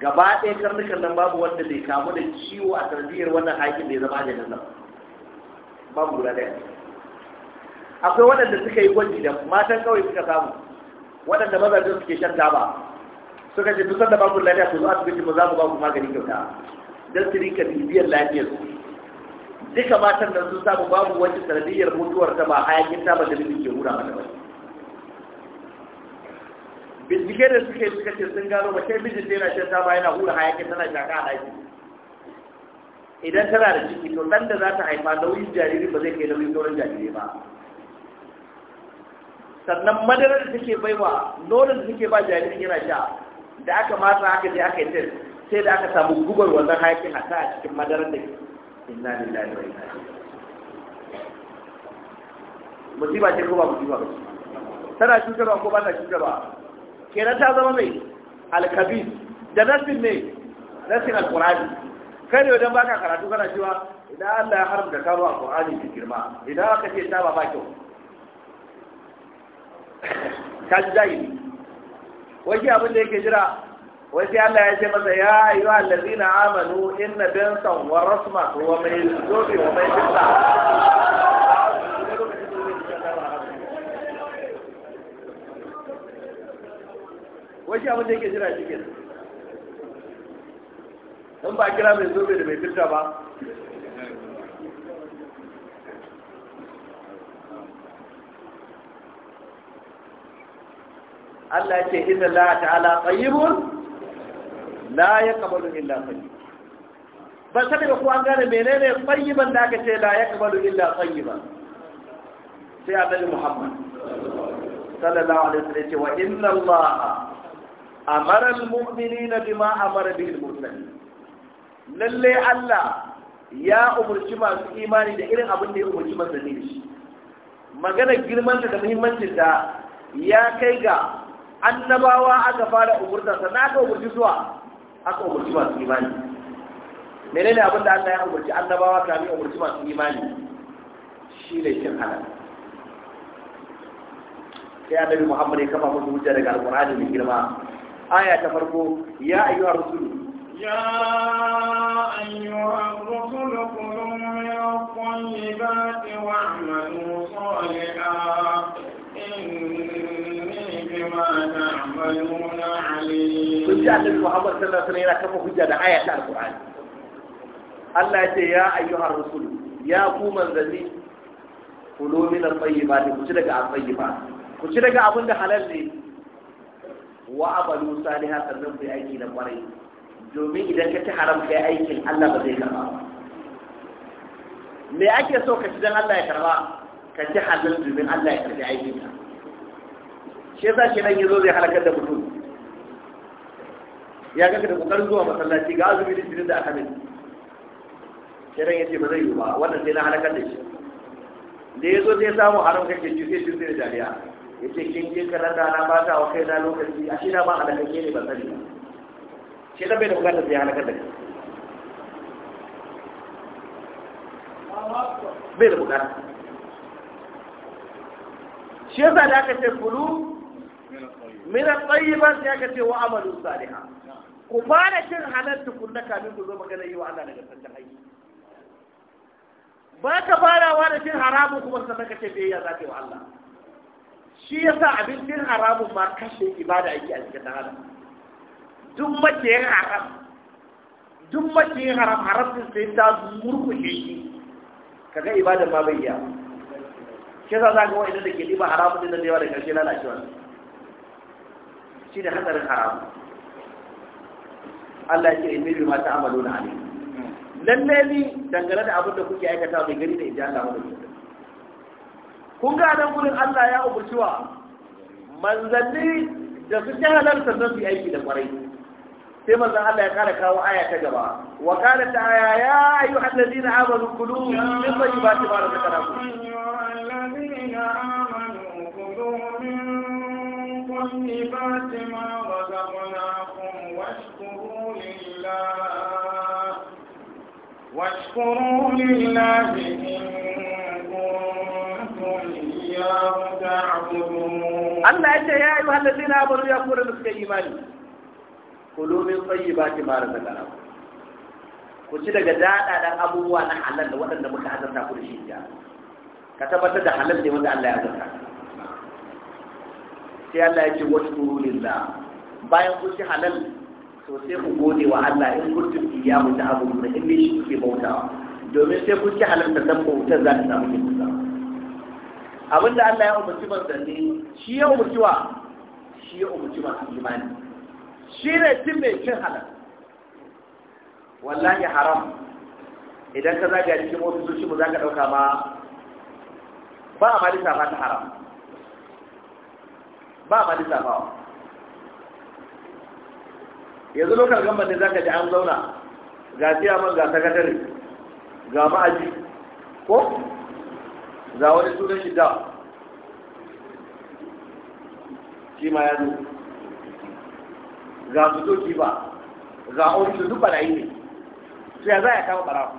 gaba ɗaya karnukan nan babu wanda bai kamu da ciwo a tarbiyyar wannan haƙin da ya zama ajalin nan babu guda ɗaya akwai waɗanda suka yi gwaji da matan kawai suka samu waɗanda mazajen suke shan taba suka ce dusar da babu lafiya su zuwa su mu za mu ba ku magani kyauta don su rika bibiyar lafiyar duka matan nan sun samu babu wacce sanadiyyar mutuwar ta ba hayakin taba da mijin ke wura mata ba bincike da suke suka ce sun gano mace mijin da yana shan taba yana hura hayakin tana shaka a ɗaki idan tana da ciki to ɗan da za ta haifa nauyin jariri ba zai kai nauyin sauran jariri ba sannan madarar da take baiwa nonon da take ba jaririn yana sha da aka matsa aka je aka yi test sai da aka samu gubar wannan hayakin hata a cikin madarar da ke inna lillahi wa inna ilaihi musiba ce ko ba musiba ba tana cutarwa ko ba ta cutarwa kenan ta zama mai alkabi da nasin ne nasin alkurani kada idan baka karatu kana cewa idan Allah ya haramta karo a Qur'ani ki girma idan aka ce ta ba ba kyau kan dai wai abin da yake jira wai sai Allah ya ce masa ya ayyuha allazina amanu inna dansan wa rasma wa mai zubi wa mai fitna wai shi abin da yake jira shi kenan don ba kira mai zobe da mai fita ba Allah ce inna Allah ta'ala tayyibun la yaqbalu illa tayyib ba sai da ku an gane menene tayyiban da aka ce la yaqbalu illa tayyiba sai annabi Muhammad sallallahu alaihi wasallam ce wa inna Allah أمر المؤمنين بما أمر به almursalin للي Allah ya أمر masu imani da irin abin da ya umurci manzanni da shi magana girman da muhimmancin ya kai ga annabawa aka fara umurta sannan aka zuwa aka masu imani menene abin da Allah ya umarci annabawa kami umarci masu imani shi ne cin halal sai annabi Muhammad ya kafa musu hujja daga alqur'ani mai girma aya ta farko ya ayyuhar rusulu ya ayyuhar rusulu kulu min tayyibati wa'malu salihan inni bima ta'maluna alim kun ji annabi Muhammad sallallahu alaihi wasallam yana kafa hujja da aya ta al alqur'ani Allah ya ce ya ayyuhar rusulu ya ku manzanni kulu min tayyibati ku ci daga at ku ci daga abin da halal ne wa amalu saliha sannan bai aiki da kwarai domin idan ka ci haram kai aikin Allah ba zai karba me ake so ka ci don Allah ya karba ka ci halal domin Allah ya karbi aikin ka shi yasa shi nan yazo zai halakar da mutum ya ga da kokarin zuwa masallaci ga azumi da jinin da aka mai shi yace ba zai yi ba wannan sai na halakar da shi da yazo zai samu haram kake ci sai shi zai dariya ya ce kin je da na ba ta wa kai na lokaci a shi da ba kake ne ba sani ba shi da bai da bukatar sai halaka da kai bai da bukata shi yasa da aka ce kulu mina tsayiban sai aka ce wa amalu saliha ku fara cin halal tukunna kamin ku zo magana yi wa Allah daga sanda aiki ba ka farawa da cin haramun kuma sannan ka ce biyayya za ka yi wa Allah shi abin abincin haramun ma kashe ibada ake a cikin ɗan duk yin haram duk yin haram haram din sai ta murkushe shi kaga ibada ma bai yi shi yasa za ga wa'anda da ke liba haramun din da yawa da karshe lalacewa shi ne hatsarin haram Allah ya ce mai mata amalo na alim lalle ni dangane da abin da kuke aikata mai gari da inji Allah wanda kuke kun ga nan gurin Allah ya umarci wa manzanni da su ta halarta su aiki da kwarai sai manzan Allah ya kara kawo aya ta gaba wa kana ta aya ya yi ladina amanu kudu min tayyibati ma razaqnakum ta ما واشكروا لله Allah ya ce ya yi wahalar na baro ya kura da suka imani kulo min tsayi ba ki mara da kana ku ci daga dada da abubuwa na halal da waɗanda muka azarta ku da shi ya ka tabbatar da halal ne wanda Allah ya azarta sai Allah ya ce wasu lillah bayan kun ci halal to sai ku gode wa Allah in kuntum iyyahu ta'budun in ne shi kuke bautawa domin sai kun ci halal da dan bautar za ta samu kinsa abinda Allah ya umarci manzanni shi ya umarci wa shi ya umarci masu imani shi ne tun mai cin halar wallahi haram idan ka zaga cikin ofisoshi mu za ka ɗauka ma ba a malisa ba ta haram ba a ma lissafawa yanzu lokacin gamba ne za ka ji an zauna ga man ga sakatare ga ma'aji ko za wani sunan shi da shi ma ya zo ga su doki ba ga orin su duk barayi ne su ya za ya kama barawa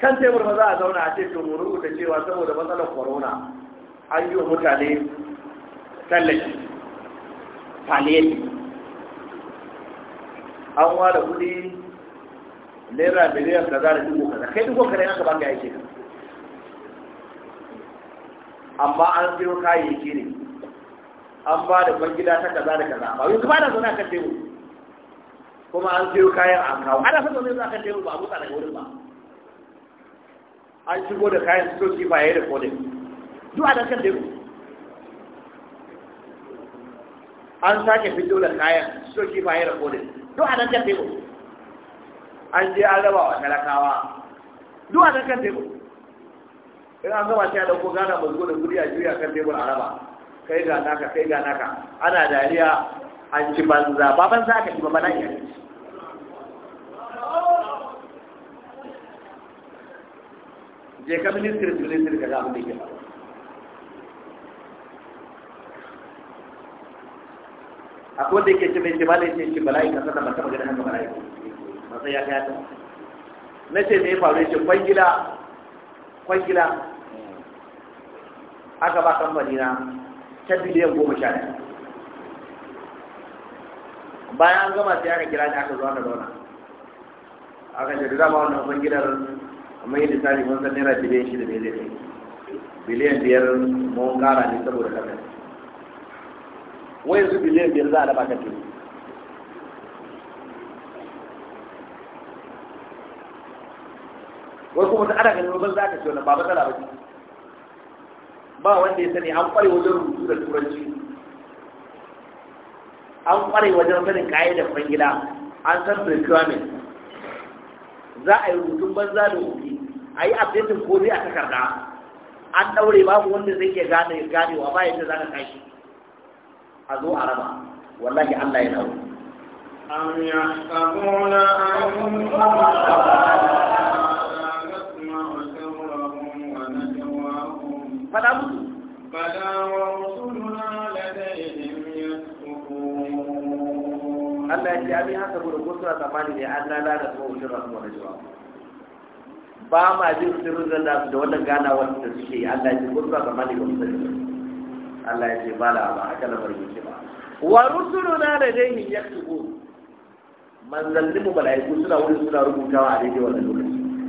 kan tebur ba za a zauna a ce to mu rubuta cewa saboda matsalar corona an yi wa mutane tallafi paliyati an ware kuɗi naira miliyan za da dubu kaza kai dubu kaza aka baka yake ka amma an sayo kayayyaki ne an ba da gida ta kaza da kaza ba yau ba da zaune kan tebur kuma an biyo kayan an kawo ana fata zaune akan tebur ba a mutsa daga wurin ba an shigo da kayan stoki ba ya yi kodin, duk a da kan tebur an sake fito da kayan stoki ba ya yi rikodin duk a da kan tebur an je an raba wa talakawa duk a kan tebur in an gaba shi a dauko gana mazgo da kudi a juya kan tebur a raba kai ga naka kai ga naka ana dariya an ci banza ba banza ka ci ba bana iya je ka ministry ministiri ka ga abin da akwai da yake ce mai ce ba da yake ce bala'i magana haka bala'i ba ya kai na ce me ya faru ce kwangila kwangila aka ba kamfani na ta biliyan goma sha ɗaya bayan an gama sai aka kira ni aka zo aka zauna aka ce da dama wannan kwangilar amma yin lissafi mun san naira biliyan shida ne zai kai biliyan biyar mun kara ne saboda kafin. wai yanzu biliyan biyar za a daba kan wai kuma ana ganin ruwan za ka ce wani ba matsala ba ba wanda ya sani an kware wajen rubutu da turanci an kware wajen sanin kayan da fangila an san requirement za a yi rubutun banza da wuki a yi updating ko dai a takarda an daure babu wanda zai iya gane ganewa ba yadda za ka kashi a zo a raba wallahi Allah ya dawo أم يحسبون أنهم faɗa musu bala wa rusuluna Allah ya ce abin haka gudu ko suna tsammani ne an lalata ko wucin rasuwa da jawabu ba ma jin sirrin da da wannan gana da suke Allah ya ce ko suna tsammani ba su sani Allah ya ce bala ba haka lamarin yake ba wa rusuluna ladaihim yasqutun manzannin mu suna wurin suna rubutawa a daidai wannan lokaci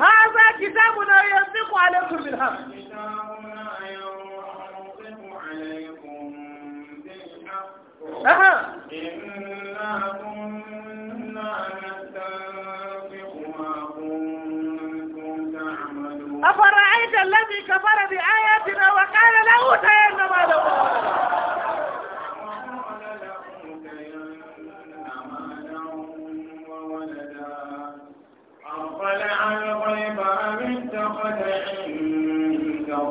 هذا كتابنا ينطق عليكم بالحق أها إنا كنا نستنفق ما كنتم تعملون أفرأيت الذي كفر بآياتنا وقال له لا أوتين ماله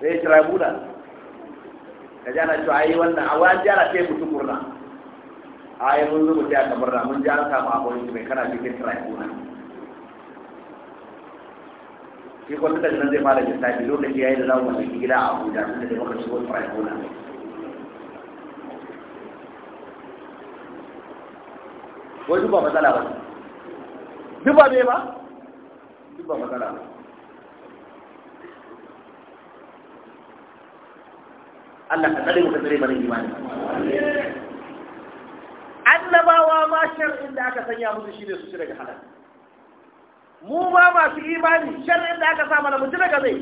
sai ya kira buda ka jana cewa wannan a wani jana sai mutu kurna a yi mun zuba ta kamar na mun jana samu abin mai kana cikin kira buda shi kwanta da nan zai fara lissafi lokaci ya yi da zamu wani gida a abuja tun da muka shigo kira buda wai duk matsala ba duk bai ba duk matsala ba Allah ka tsare mu ka tsare mana imani annabawa ma shar'in da aka sanya musu shi ne su ci daga halal mu ma masu imani shar'in da aka sa mana mu daga zai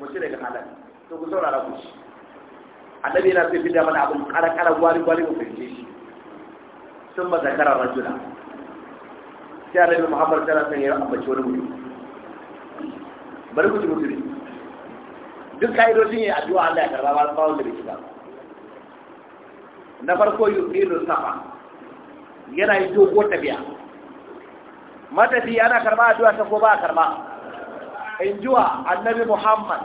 mu ci daga halal to ku saurara ku shi annabi yana sai fida mana abin karakara gwari gwari mu fahimce shi sun ba zakara rajula sai annabi muhammad tana sanya ya ambaci wani mutum bari ku ci mutum duk ka'idodin ya addu'a Allah ya karba ba tsawon da bai shiga na farko yuqilu safa yana yi dogo tafiya matafi ana karba addu'a ta ko ba a karba in jiwa annabi Muhammad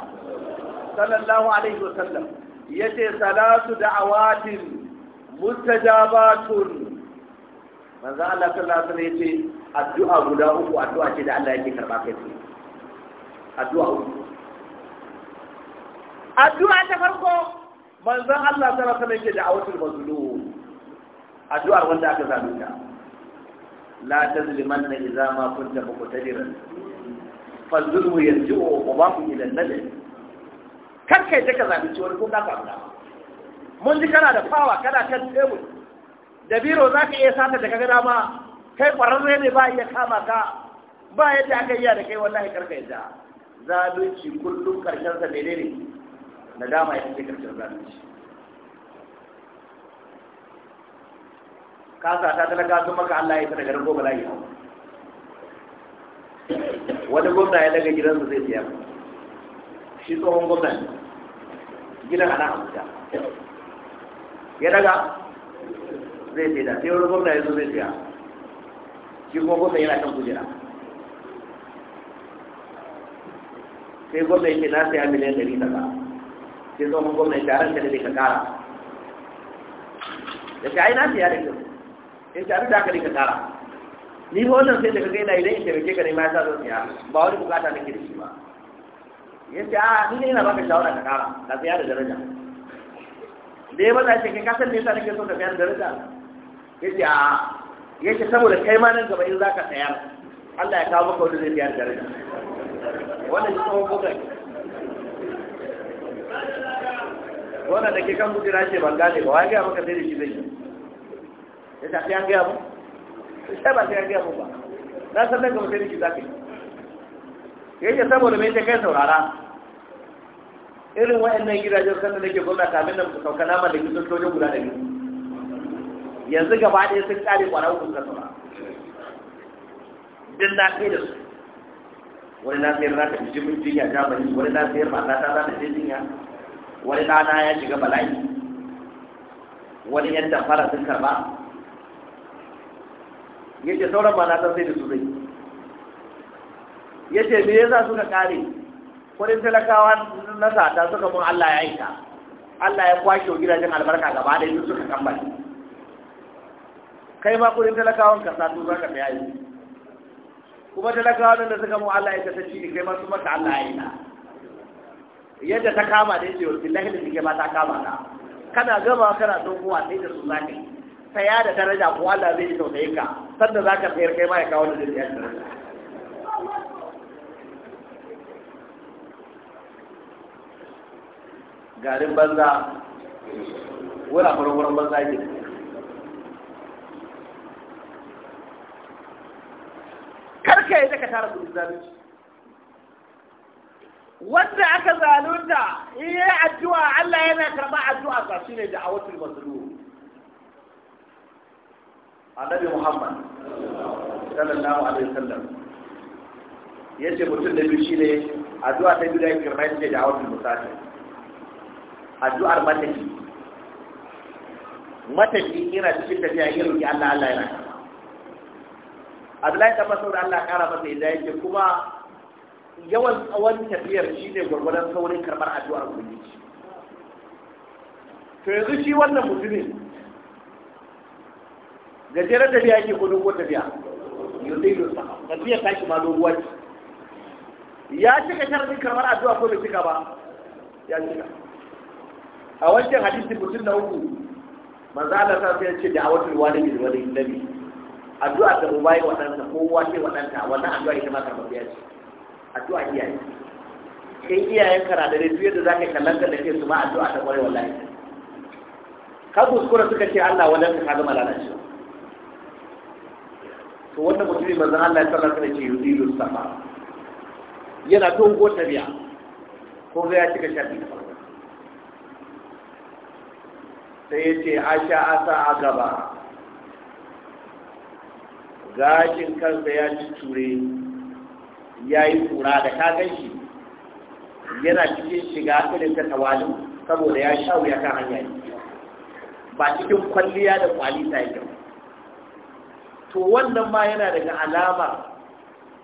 sallallahu alaihi wasallam ce, salatu da'awatin mustajabatun manzo Allah sallallahu alaihi wasallam ce addu'a guda uku addu'a ce da Allah yake karba kai addu'a uku addu'a ta farko manzon Allah sallallahu alaihi wasallam yake da'awatul mazlum addu'ar wanda aka ta la na idza ma kunta muqtadiran fazlum yarji'u ubahu ila an-nadl kar kai ta ci wani kuma da ka mun ji kana da fawa kana kan tebur da biro za ka iya sata da kaga dama kai kwararre ne ba iya kama ka ba yadda aka yi da kai wallahi karka yadda zalunci kullum karshen sa ne. nadama ya ce karshen zalunci kasa ta talaka sun maka Allah ya tsara garin gobe layi wani gobe ya daga gidansa zai siya shi tsohon gobe gidan ana abuja ya daga zai siya da sai wani gwamna ya zo zai siya shi kuma gobe yana kan kujera sai gobe ya ke na siya miliyan ɗari da ba sai zo mun gwamnati taron ka da ka kara da ka aina ya da kyau in taron da ka kara ni ba wannan sai da ka gaina idan in taimake ka ne ma ya sa zan siya ba wani bukata nake da shi ba ya ce a ni ne yana baka shawara ka kara ka siya da daraja da ya bada shi kai ka san me yasa nake so ka siya da daraja ya ce a ya ce saboda kai ma nan gaba in za ka sayar Allah ya kawo maka wanda zai siya da daraja wannan shi tsohon kokarin wannan da ke kan kujera ce ban gane ba wai gaya maka sai da shi zai yi ya tafi an gaya mu sai ba sai an gaya mu ba na san daga mutum shi za ka yi saboda mai ta kai saurara irin wa'annan gidajen sanda nake gwamna kamin nan sauka nama da gidan sojin guda da biyu yanzu gaba ɗaya sun kare kwana uku suka saurara din na kai da su wani na sayar za ta mun jinya ta bani, wani na sayar mata ta za ta je jinya wani na ya shiga bala'i wani yadda fara sun karba ya ce sauran ba na san sai da su zai ya ce me yasa suka kare kudin talakawa na sata suka mun Allah ya aika Allah ya kwashe gidajen albarka gaba da su suka kammala kai ma kudin talakawan ka sa za zaka fi yayi kuma talakawa da suka mu Allah ya kasance ni kai ma su maka Allah ya yi na yadda ta kama da yake wallahi da kike ma ta kama ka kana gama kana kuwa sai da su zaka saya da daraja ko Allah zai tausaye ka sanda zaka tsayar kai ma ya kawo da zai yi garin banza wura furin banza yake karka yi ka tara su zalunci wanda aka zalunta in yi addu'a Allah yana karba addu'a sa shine da awatul mazlum annabi Muhammad sallallahu alaihi wasallam yace mutum da biyu shine addu'a ta biyu da yake rance da awatul musafir addu'ar mataki, mataki yana cikin tafiya irin ki Allah Allah yana karɓa Abdullahi ta masau da Allah kara masa yadda yake kuma yawan tsawon tafiyar shi ne gwargwadon saurin karɓar addu'ar ubangiji to yanzu shi wannan mutumin gajeren tafiya yake ko doguwar tafiya yanzu yanzu tafiya ta shi ma doguwa ce. ya cika sharadin karɓar addu'a ko bai cika ba ya cika a wancan hadisi mutum na uku manzo sa ya ce da wani walidi wal nabi addu'a ga mubayi yi ko wace sai waɗanta wannan addu'a ita ma karɓar biya ce addu'a iyaye kai iyayen kara da duk da za ka kallanta da kai su ma addu'a ta ƙwarai wallahi ka kuskura suka ce Allah wajen ka gama lalacewa to wannan mutumin manzon Allah ya sallar da ce yuzilu safa yana dogo tabiya ko ga ya cika sharri sai ya ce asha asa a gaba gashin kansa ya ci ture ya yi kura da kagan shi yana cikin shiga filin ta tawalin saboda ya sha wuya kan hanya ba cikin kwalliya da kwali ta yi to wannan ma yana daga alama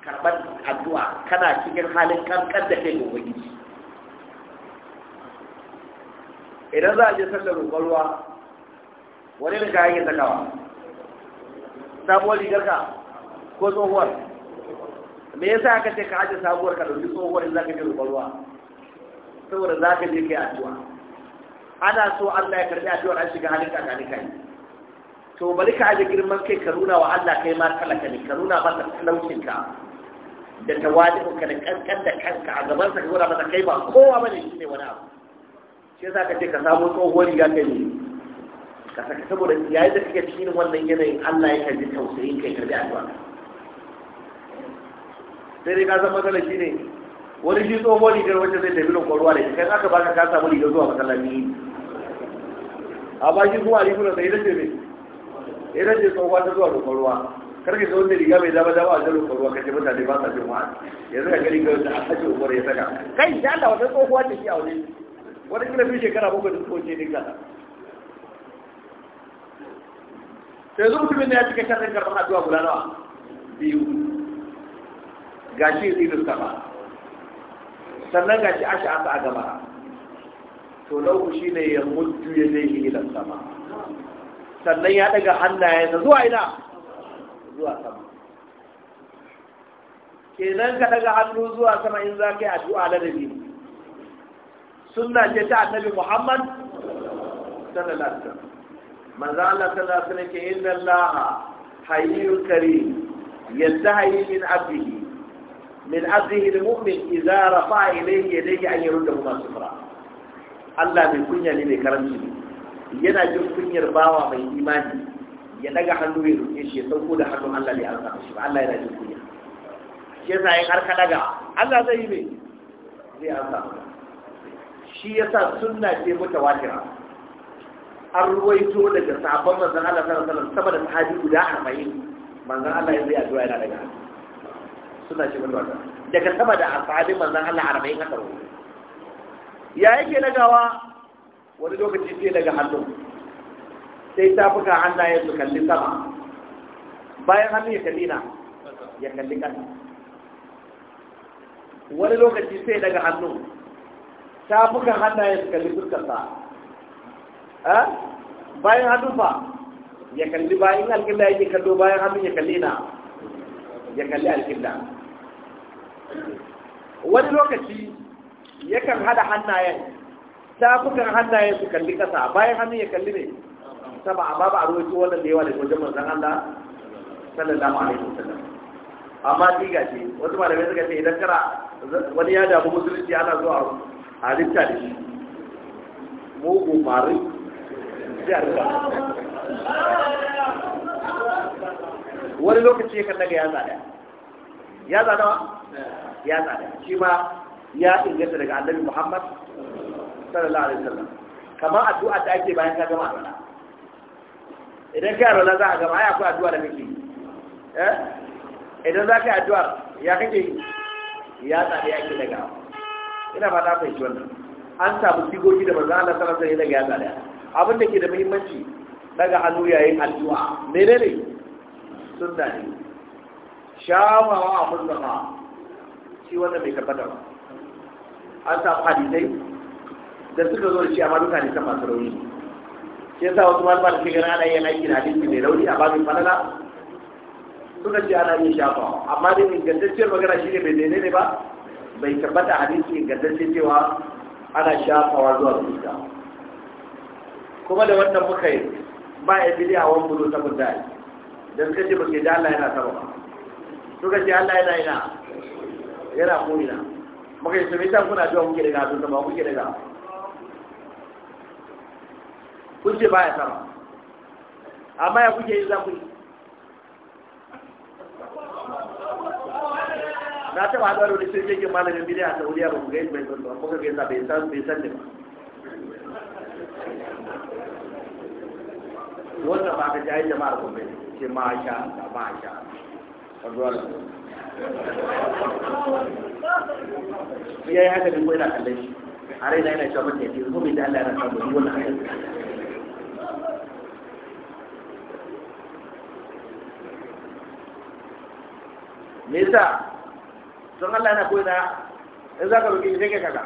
karɓar addu'a kana cikin halin kankan da kai gobe gici idan za a je sallar ruwa wani daga hanyar zakawa sabuwar rigar ka ko tsohuwar me yasa aka ce ka ajiye sabuwar ka dauki tsohuwar in zaka je rubarwa saboda zaka je kai addu'a ana so Allah ya karbi addu'ar an shiga halin kakani kai to bari ka ajiye girman kai ka nuna wa Allah kai ma kalaka ne ka nuna masa talaucin ka da tawadin ka da kankan da kanka a gaban sa ka gura masa kai ba kowa bane shine wani abu shi yasa ka ce ka samu tsohuwar riga kai ne ka saka saboda yayin da kake cikin wannan yanayin Allah ya kalli tausayin kai karbi addu'a sai dai ka san matsalar shine wani shi tsohon rigar wacce zai tafi nan kwaruwa da shi kai aka baka ka samu rigar zuwa masallaci a bakin kuma rigunan sai ita ce mai ita ce tsohon ta zuwa kwaruwa karka ga wanda riga mai zama dama a jarin kwaruwa kashe mutane ba sa jin wa'azi yanzu ka gani ga wanda a hajji umar ya saka kai shi Allah wata tsohuwa ce shi a wani wata kila biyu shekara bakwai da tsohon ce dinka yanzu mutumin da ya cika shafin karɓar addu'a guda nawa biyu gashi idris sama sannan gashi asha asa a gaba to lauku shi ne ya mutu ya zai yi ilan sama sannan ya daga hannayensa zuwa ina zuwa sama kenan ka daga hannu zuwa sama in za ka yi addu'a ladabi sunna ce ta annabi muhammad sallallahu alaihi wasallam manzo Allah sallallahu alaihi wasallam ke inna Allah hayyul karim yastahi min abdihi من عبده المؤمن إذا رفع إليه يديه أن يردهما سفرا Allah mai kunya ne mai karamci yana jin kunyar bawa mai imani ya daga hannu ya roƙe shi ya sauko da hannun Allah bai alƙa shi ba Allah yana jin kunya shi yasa in har ka daga Allah zai yi mai zai alƙa shi yasa sunna ce mutawatira an ruwaito daga sabon manzan Allah sallallahu alaihi wasallam sama da sahabi guda 40 manzan Allah ya zai addu'a yana daga suna ce mutuwa daga sama da sahabi manzan Allah 40 haka karo ya yake lagawa wani lokaci sai daga hannu sai fuka hannaye su kalli sama bayan hannu ya kalli na ya kalli kasa wani lokaci sai daga hannu fuka hannaye su kalli fuskarsa bayan hannun fa ya kalli bayan alƙilla yake kallo bayan hannun ya kalli na ya kalli alƙilla wani lokaci yakan hada hannayen tafukan hannayen su kalli ƙasa bayan hannun ya kalli ne saba a babu a rohoto wannan da yawa da wajen an Allah sallallahu alaihi wasallam amma diga ce wasu malamai suka ce idan kara wani ya damu musulunci ana zuwa a halitta da shi mugun marin wani lokaci yakan daga ya tsada ya tsada ya tsada shi ma ya inganta daga annabi muhammad sallallahu alaihi wasallam kamar addu'a da ake bayan ka gama alwala idan ka rana za a gama ai akwai addu'a da kake eh idan za ka yi addu'a ya kake yi ya tsada ya ke daga ina ba ta fahimci wannan an samu sigogi da manzo Allah sallallahu alaihi wasallam ya daga ya tsada abin da ke da muhimmanci daga hannu yayin addu'a menene sunna ne shawawa a musulma shi wanda bai tabbata ba an samu hadisai da suka zo da shi a duka ne ta masu rauni shi yasa wasu masu masu shigar ana yin aiki da hadisi mai rauni a babin falala suka ce ana yin shafawa amma dai ingantacciyar magana shi ne bai daidai ne ba bai tabbata hadisi ingantacce cewa ana shafawa zuwa zuciya kuma da wannan muka yi ba ya bidiya wan budu ta mutane da suka ce ba ke da Allah yana sama suka ce Allah yana yana yana kuna muka yi sami tan kuna jiwa kuke daga sun sama muke daga kun ce ba ya sama amma ya kuke yi za ku yi na taɓa haɗuwa da wani sirkin malamin bidiya a saudiya ba ku ga yin bai ba kuka ga yasa bai bai san ne ba wanda ba ka jayi jama'ar kuma ce ma sha Allah ma sha a Allah ya yi haka dingo yana kallon shi a raina yana cewa mata yake zuwa da Allah yana samu zuwa wannan hayar Nisa, yasa don Allah yana koyi da in za ka roƙi sai ka kaga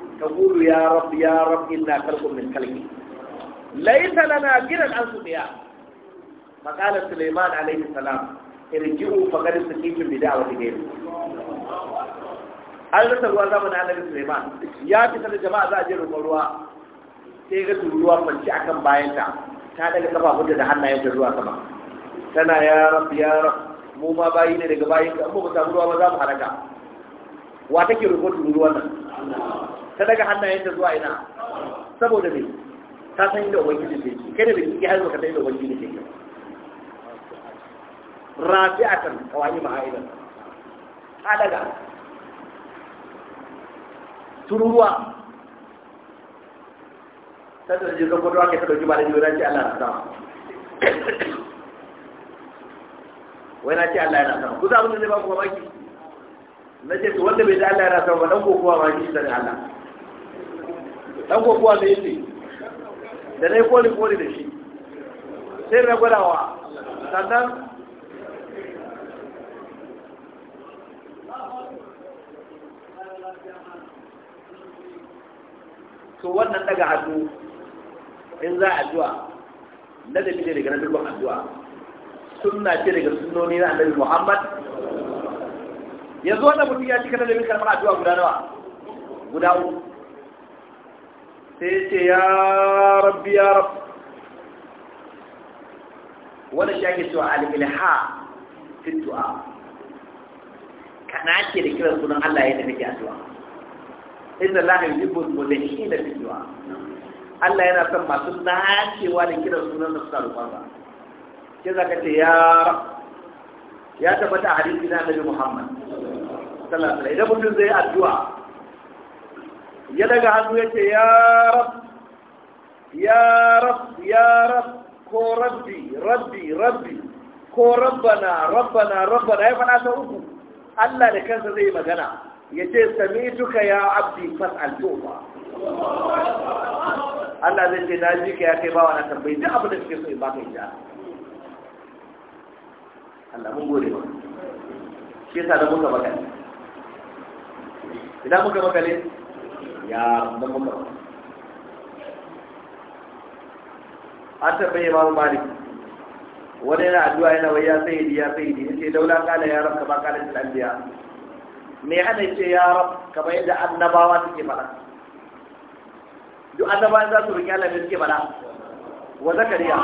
تقول يا رب يا رب إنا خلق من خلقي ليس لنا غنى عن سمياء فقال سليمان عليه السلام ارجعوا فقد استقيمتم بدعوة غيري an rasa ruwa zamanin annabi Suleiman ya fita da jama'a za a je roƙon ruwa sai ga ruwa kwanci akan bayanta ta daga kafafunta da hannayenta zuwa sama tana ya rabu ya rabu mu ma bayi ne daga bayin ka mu ba samu ruwa ba za mu halaka wa take rubutun ruwan nan ta daga hannayen ta zuwa ina saboda ne ta san inda ubangiji ke kai da bai har baka san inda ubangiji ke kan kawani ma'aidan ta daga tururuwa ta da jirgin kwado ake ta dauki ba da jirgin ce Allah na sama wai na ce Allah yana sama ku za mu ne ba ku mamaki na ce to wanda bai da Allah ya rasa ba dan kokowa ma shi sani Allah dan kokowa da yake da dai koli koli da shi sai na gwadawa sannan to wannan daga hadu in za a zuwa, na ladabi ne daga na dukkan addu'a sunna ce daga sunnoni na annabi Muhammad yanzu wannan mutum ya cika ladabin karɓar addu'a guda nawa guda uku sai ce ya rabbi ya rabbi wadda shi ake cewa al-ilha fi du'a na ake da kiran sunan Allah yadda nake addu'a inna Allah yuhibbu al da fi du'a Allah yana son masu nacewa da kiran sunan nasu roƙon sa ke zaka ce ya ya tabbata a hadisi na Annabi Muhammad sallallahu alaihi idan mutum zai addu'a ya daga hannu ya ce ya rab ya rab ya rab ko rabbi rabbi rabbi ko rabbana rabbana rabbana ya faɗa ta uku Allah da kansa zai magana ya ce sami duka ya abdi fas'al tufa Allah zai ce na ji ka ya kai bawa na tambayi duk abin da suke so in ba baka ita Allah mun gode ba shi yasa da muka magana idan muka ne ya dan muka an tabbaye imamu malik wani yana addu'a yana wai ya sayyidi ya sayyidi ce daula kala ya rab kama kala ta anbiya me hada ce ya rab kamar yadda annabawa suke faɗa duk annabawa za su riƙe Allah ne suke faɗa wa zakariya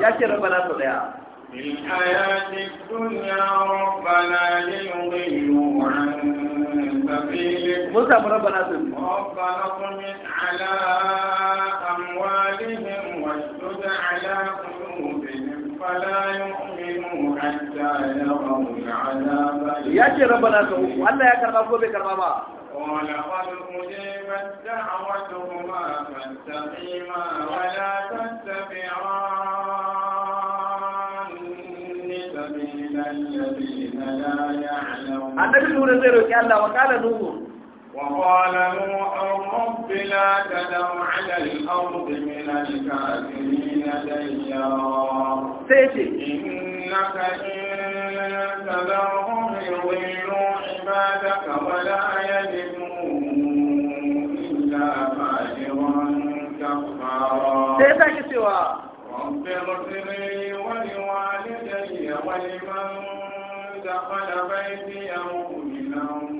ya ce rabana su daya min hayati dunya rabbana lil ghayyuran tafil musa rabana su rabbana qum min ala amwalihim wasud ala qulubihim fala yu'minu hatta yarawu al'adab ya ce rabana su Allah ya karba ko bai karba ba قال قد أجيبت دعوتهما فاستقيما ولا تتبعان سبيل الذين لا يعلمون. النبي صلى الله عليه وسلم وقال نور وقال نوح رب لا تدر على الأرض من الكافرين ديارا إنك إن تذرهم يضلوا عبادك ولا يجدوا إلا فاجرا كفارا رب اغفر لي ولوالدي ولمن دخل بيتي مؤمنا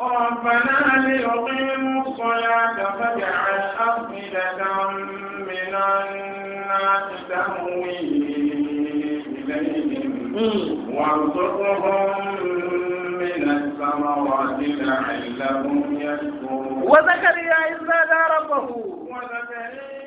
ربنا ليقيموا الصلاة فاجعل أفئدة من الناس تهوي إليهم وارزقهم من الثمرات لعلهم يشكرون وزكريا إذ نادى ربه وزكريا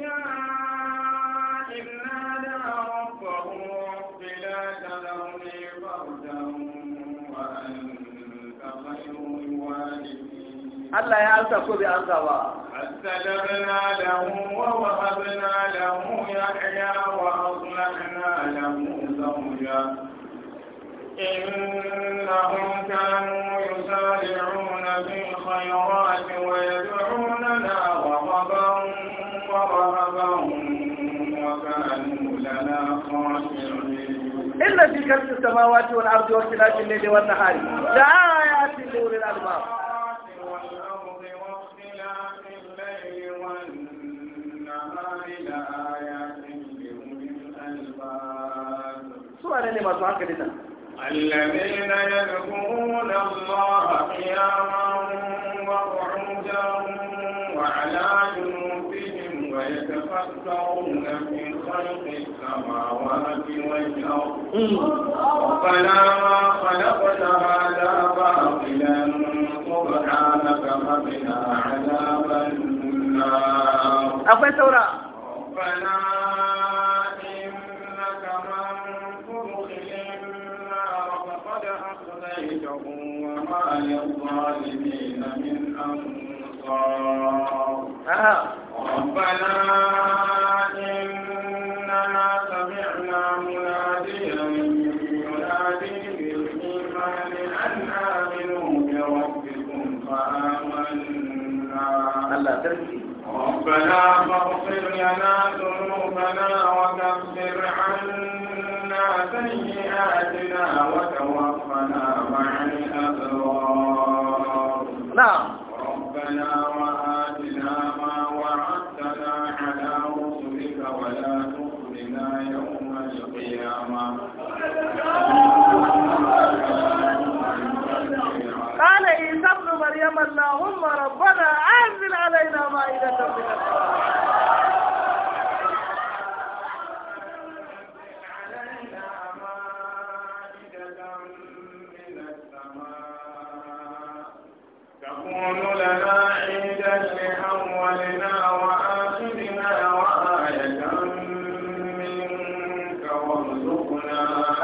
الله يا أنت خذ أنت وا استجبنا له ووهبنا له يحيى وأصلحنا له زوجا إنهم كانوا يسارعون في الخيرات ويدعوننا رغبا ورهبا وكانوا لنا خاشعين إلا في كرس السماوات والأرض واختلاف الليل والنهار لآيات لأولي الألباب ما سواك hankali الذين يذكرون الله قياما وقعودا وعلى جنوبهم ويتفكرون في خلق السماوات والأرض ربنا ما خلقت هذا باطلا سبحانك فقنا عذاب النار ربنا عصيته وما للظالمين من أنصار آه. ربنا إننا سمعنا مناديا ينادي بالإيمان أن آمنوا بربكم فآمنا ربنا فاغفر لنا ذنوبنا وكفر عنا سيئاتنا وتوفنا مع الأبرار نعم. ربنا وآتنا ما وعدتنا على رسلك ولا تخزنا يوم القيامة قال عيسى ابن مريم اللهم ربنا أنزل علينا مائدة من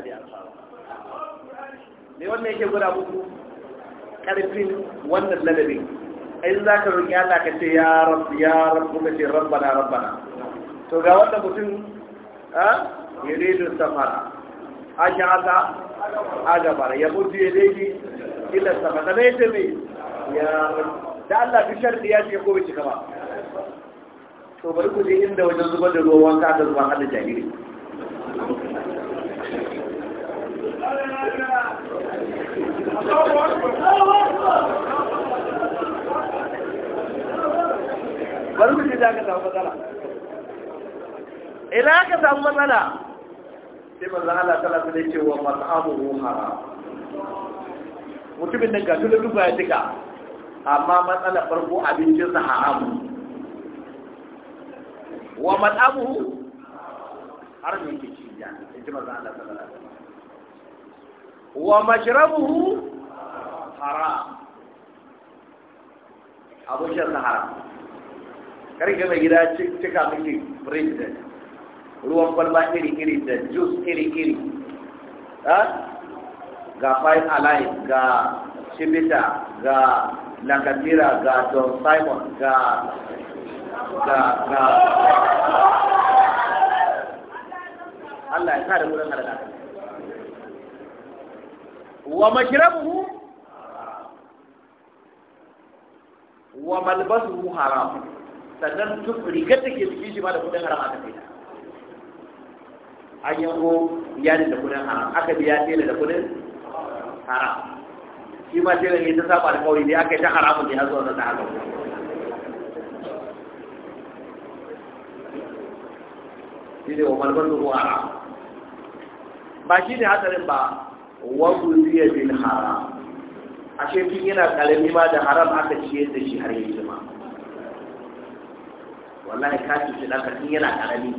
Allah bai amsa me wannan yake guda muku karfin wannan ladabin Ayin za ka roƙi Allah ka ce ya rabu ya rabu ka ce rabana rabana, to ga wanda mutum a yuridu safara a shi haka a gabara ya mutu ya daji ila sama da mai tabi ya da Allah fi sharɗi ya ce ko bai cika ba to bari ku je inda wajen zubar da ruwan wanka da zuban hada jahiri Ilaka ta samu matsala ina ka samu matsala sai Allah wa mutumin nan ga duba ya tuka amma matsala farko abincin sa haramu wa mat'amuhu har ne ke ya ji manzan Allah wa mashrabuhu haram abin shan haram karke mai gida cika miki fridge da ruwan kwalba iri-iri da juice iri-iri ga five alive ga shibita ga lakatira ga John simon ga ga ga Allah ya sa da wurin harkar wa mashrabuhu wa malbasuhu haram sannan duk rigar da ke suke shi ba da kudin haram aka kai ta yi ko iyali da kudin haram aka biya tela da kudin haram shi ma tela ne ta saba da kawai dai aka yi ta haramun ne har zuwa ta haka shi ne wa malbasuhu haram ba shi ne hatsarin ba wabuliya bil haram ashe tun yana kalami ma da haram aka ciye da shi har yi jima wallahi ka cuci ɗanka tun yana karami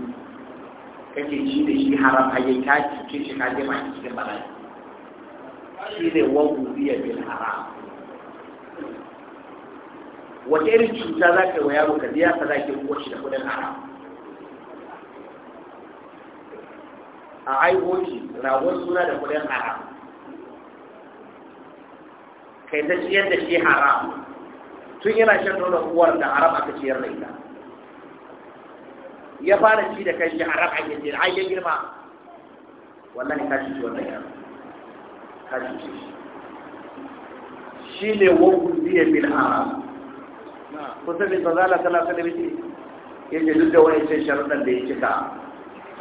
kake ci da shi haram har yi ka cuce shi ka jima a cikin bala'i shi ne wabuliya bil haram wata irin cuta za ka yi wa yaro ka biya ka za ki da kudin haram a haihuwa shi ragon suna da kudin haram kai ta ciyar da shi haram tun yana shan nuna uwar da haram aka ciyar da ita ya fara ci da kai shi haram ake ciyar ai girma girma ne kashi ciwon da yaro kashi ci shi ne wakun biya bin haram kusa bin bazala sallallahu da wasallam yake duk da wani sai sharuɗan da ya cika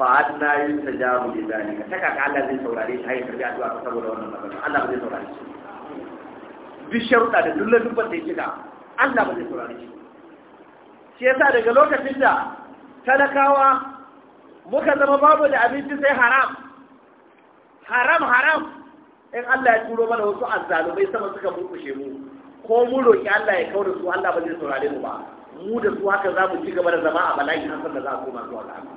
fa na yi ta jaru da taka ka Allah zai saurare shi hayi karbi addu'a saboda wannan magana Allah zai saurare shi duk sharuɗa da duk lalluban da yake da Allah zai saurare shi shi yasa daga lokacin da talakawa muka zama babu da abinci sai haram haram haram in Allah ya turo mana wasu azzalumai sama suka murkushe mu ko mu roki Allah ya kaura su Allah ba zai saurare mu ba mu da su haka za mu ci gaba da zama a bala'i har san da za a koma zuwa ga Allah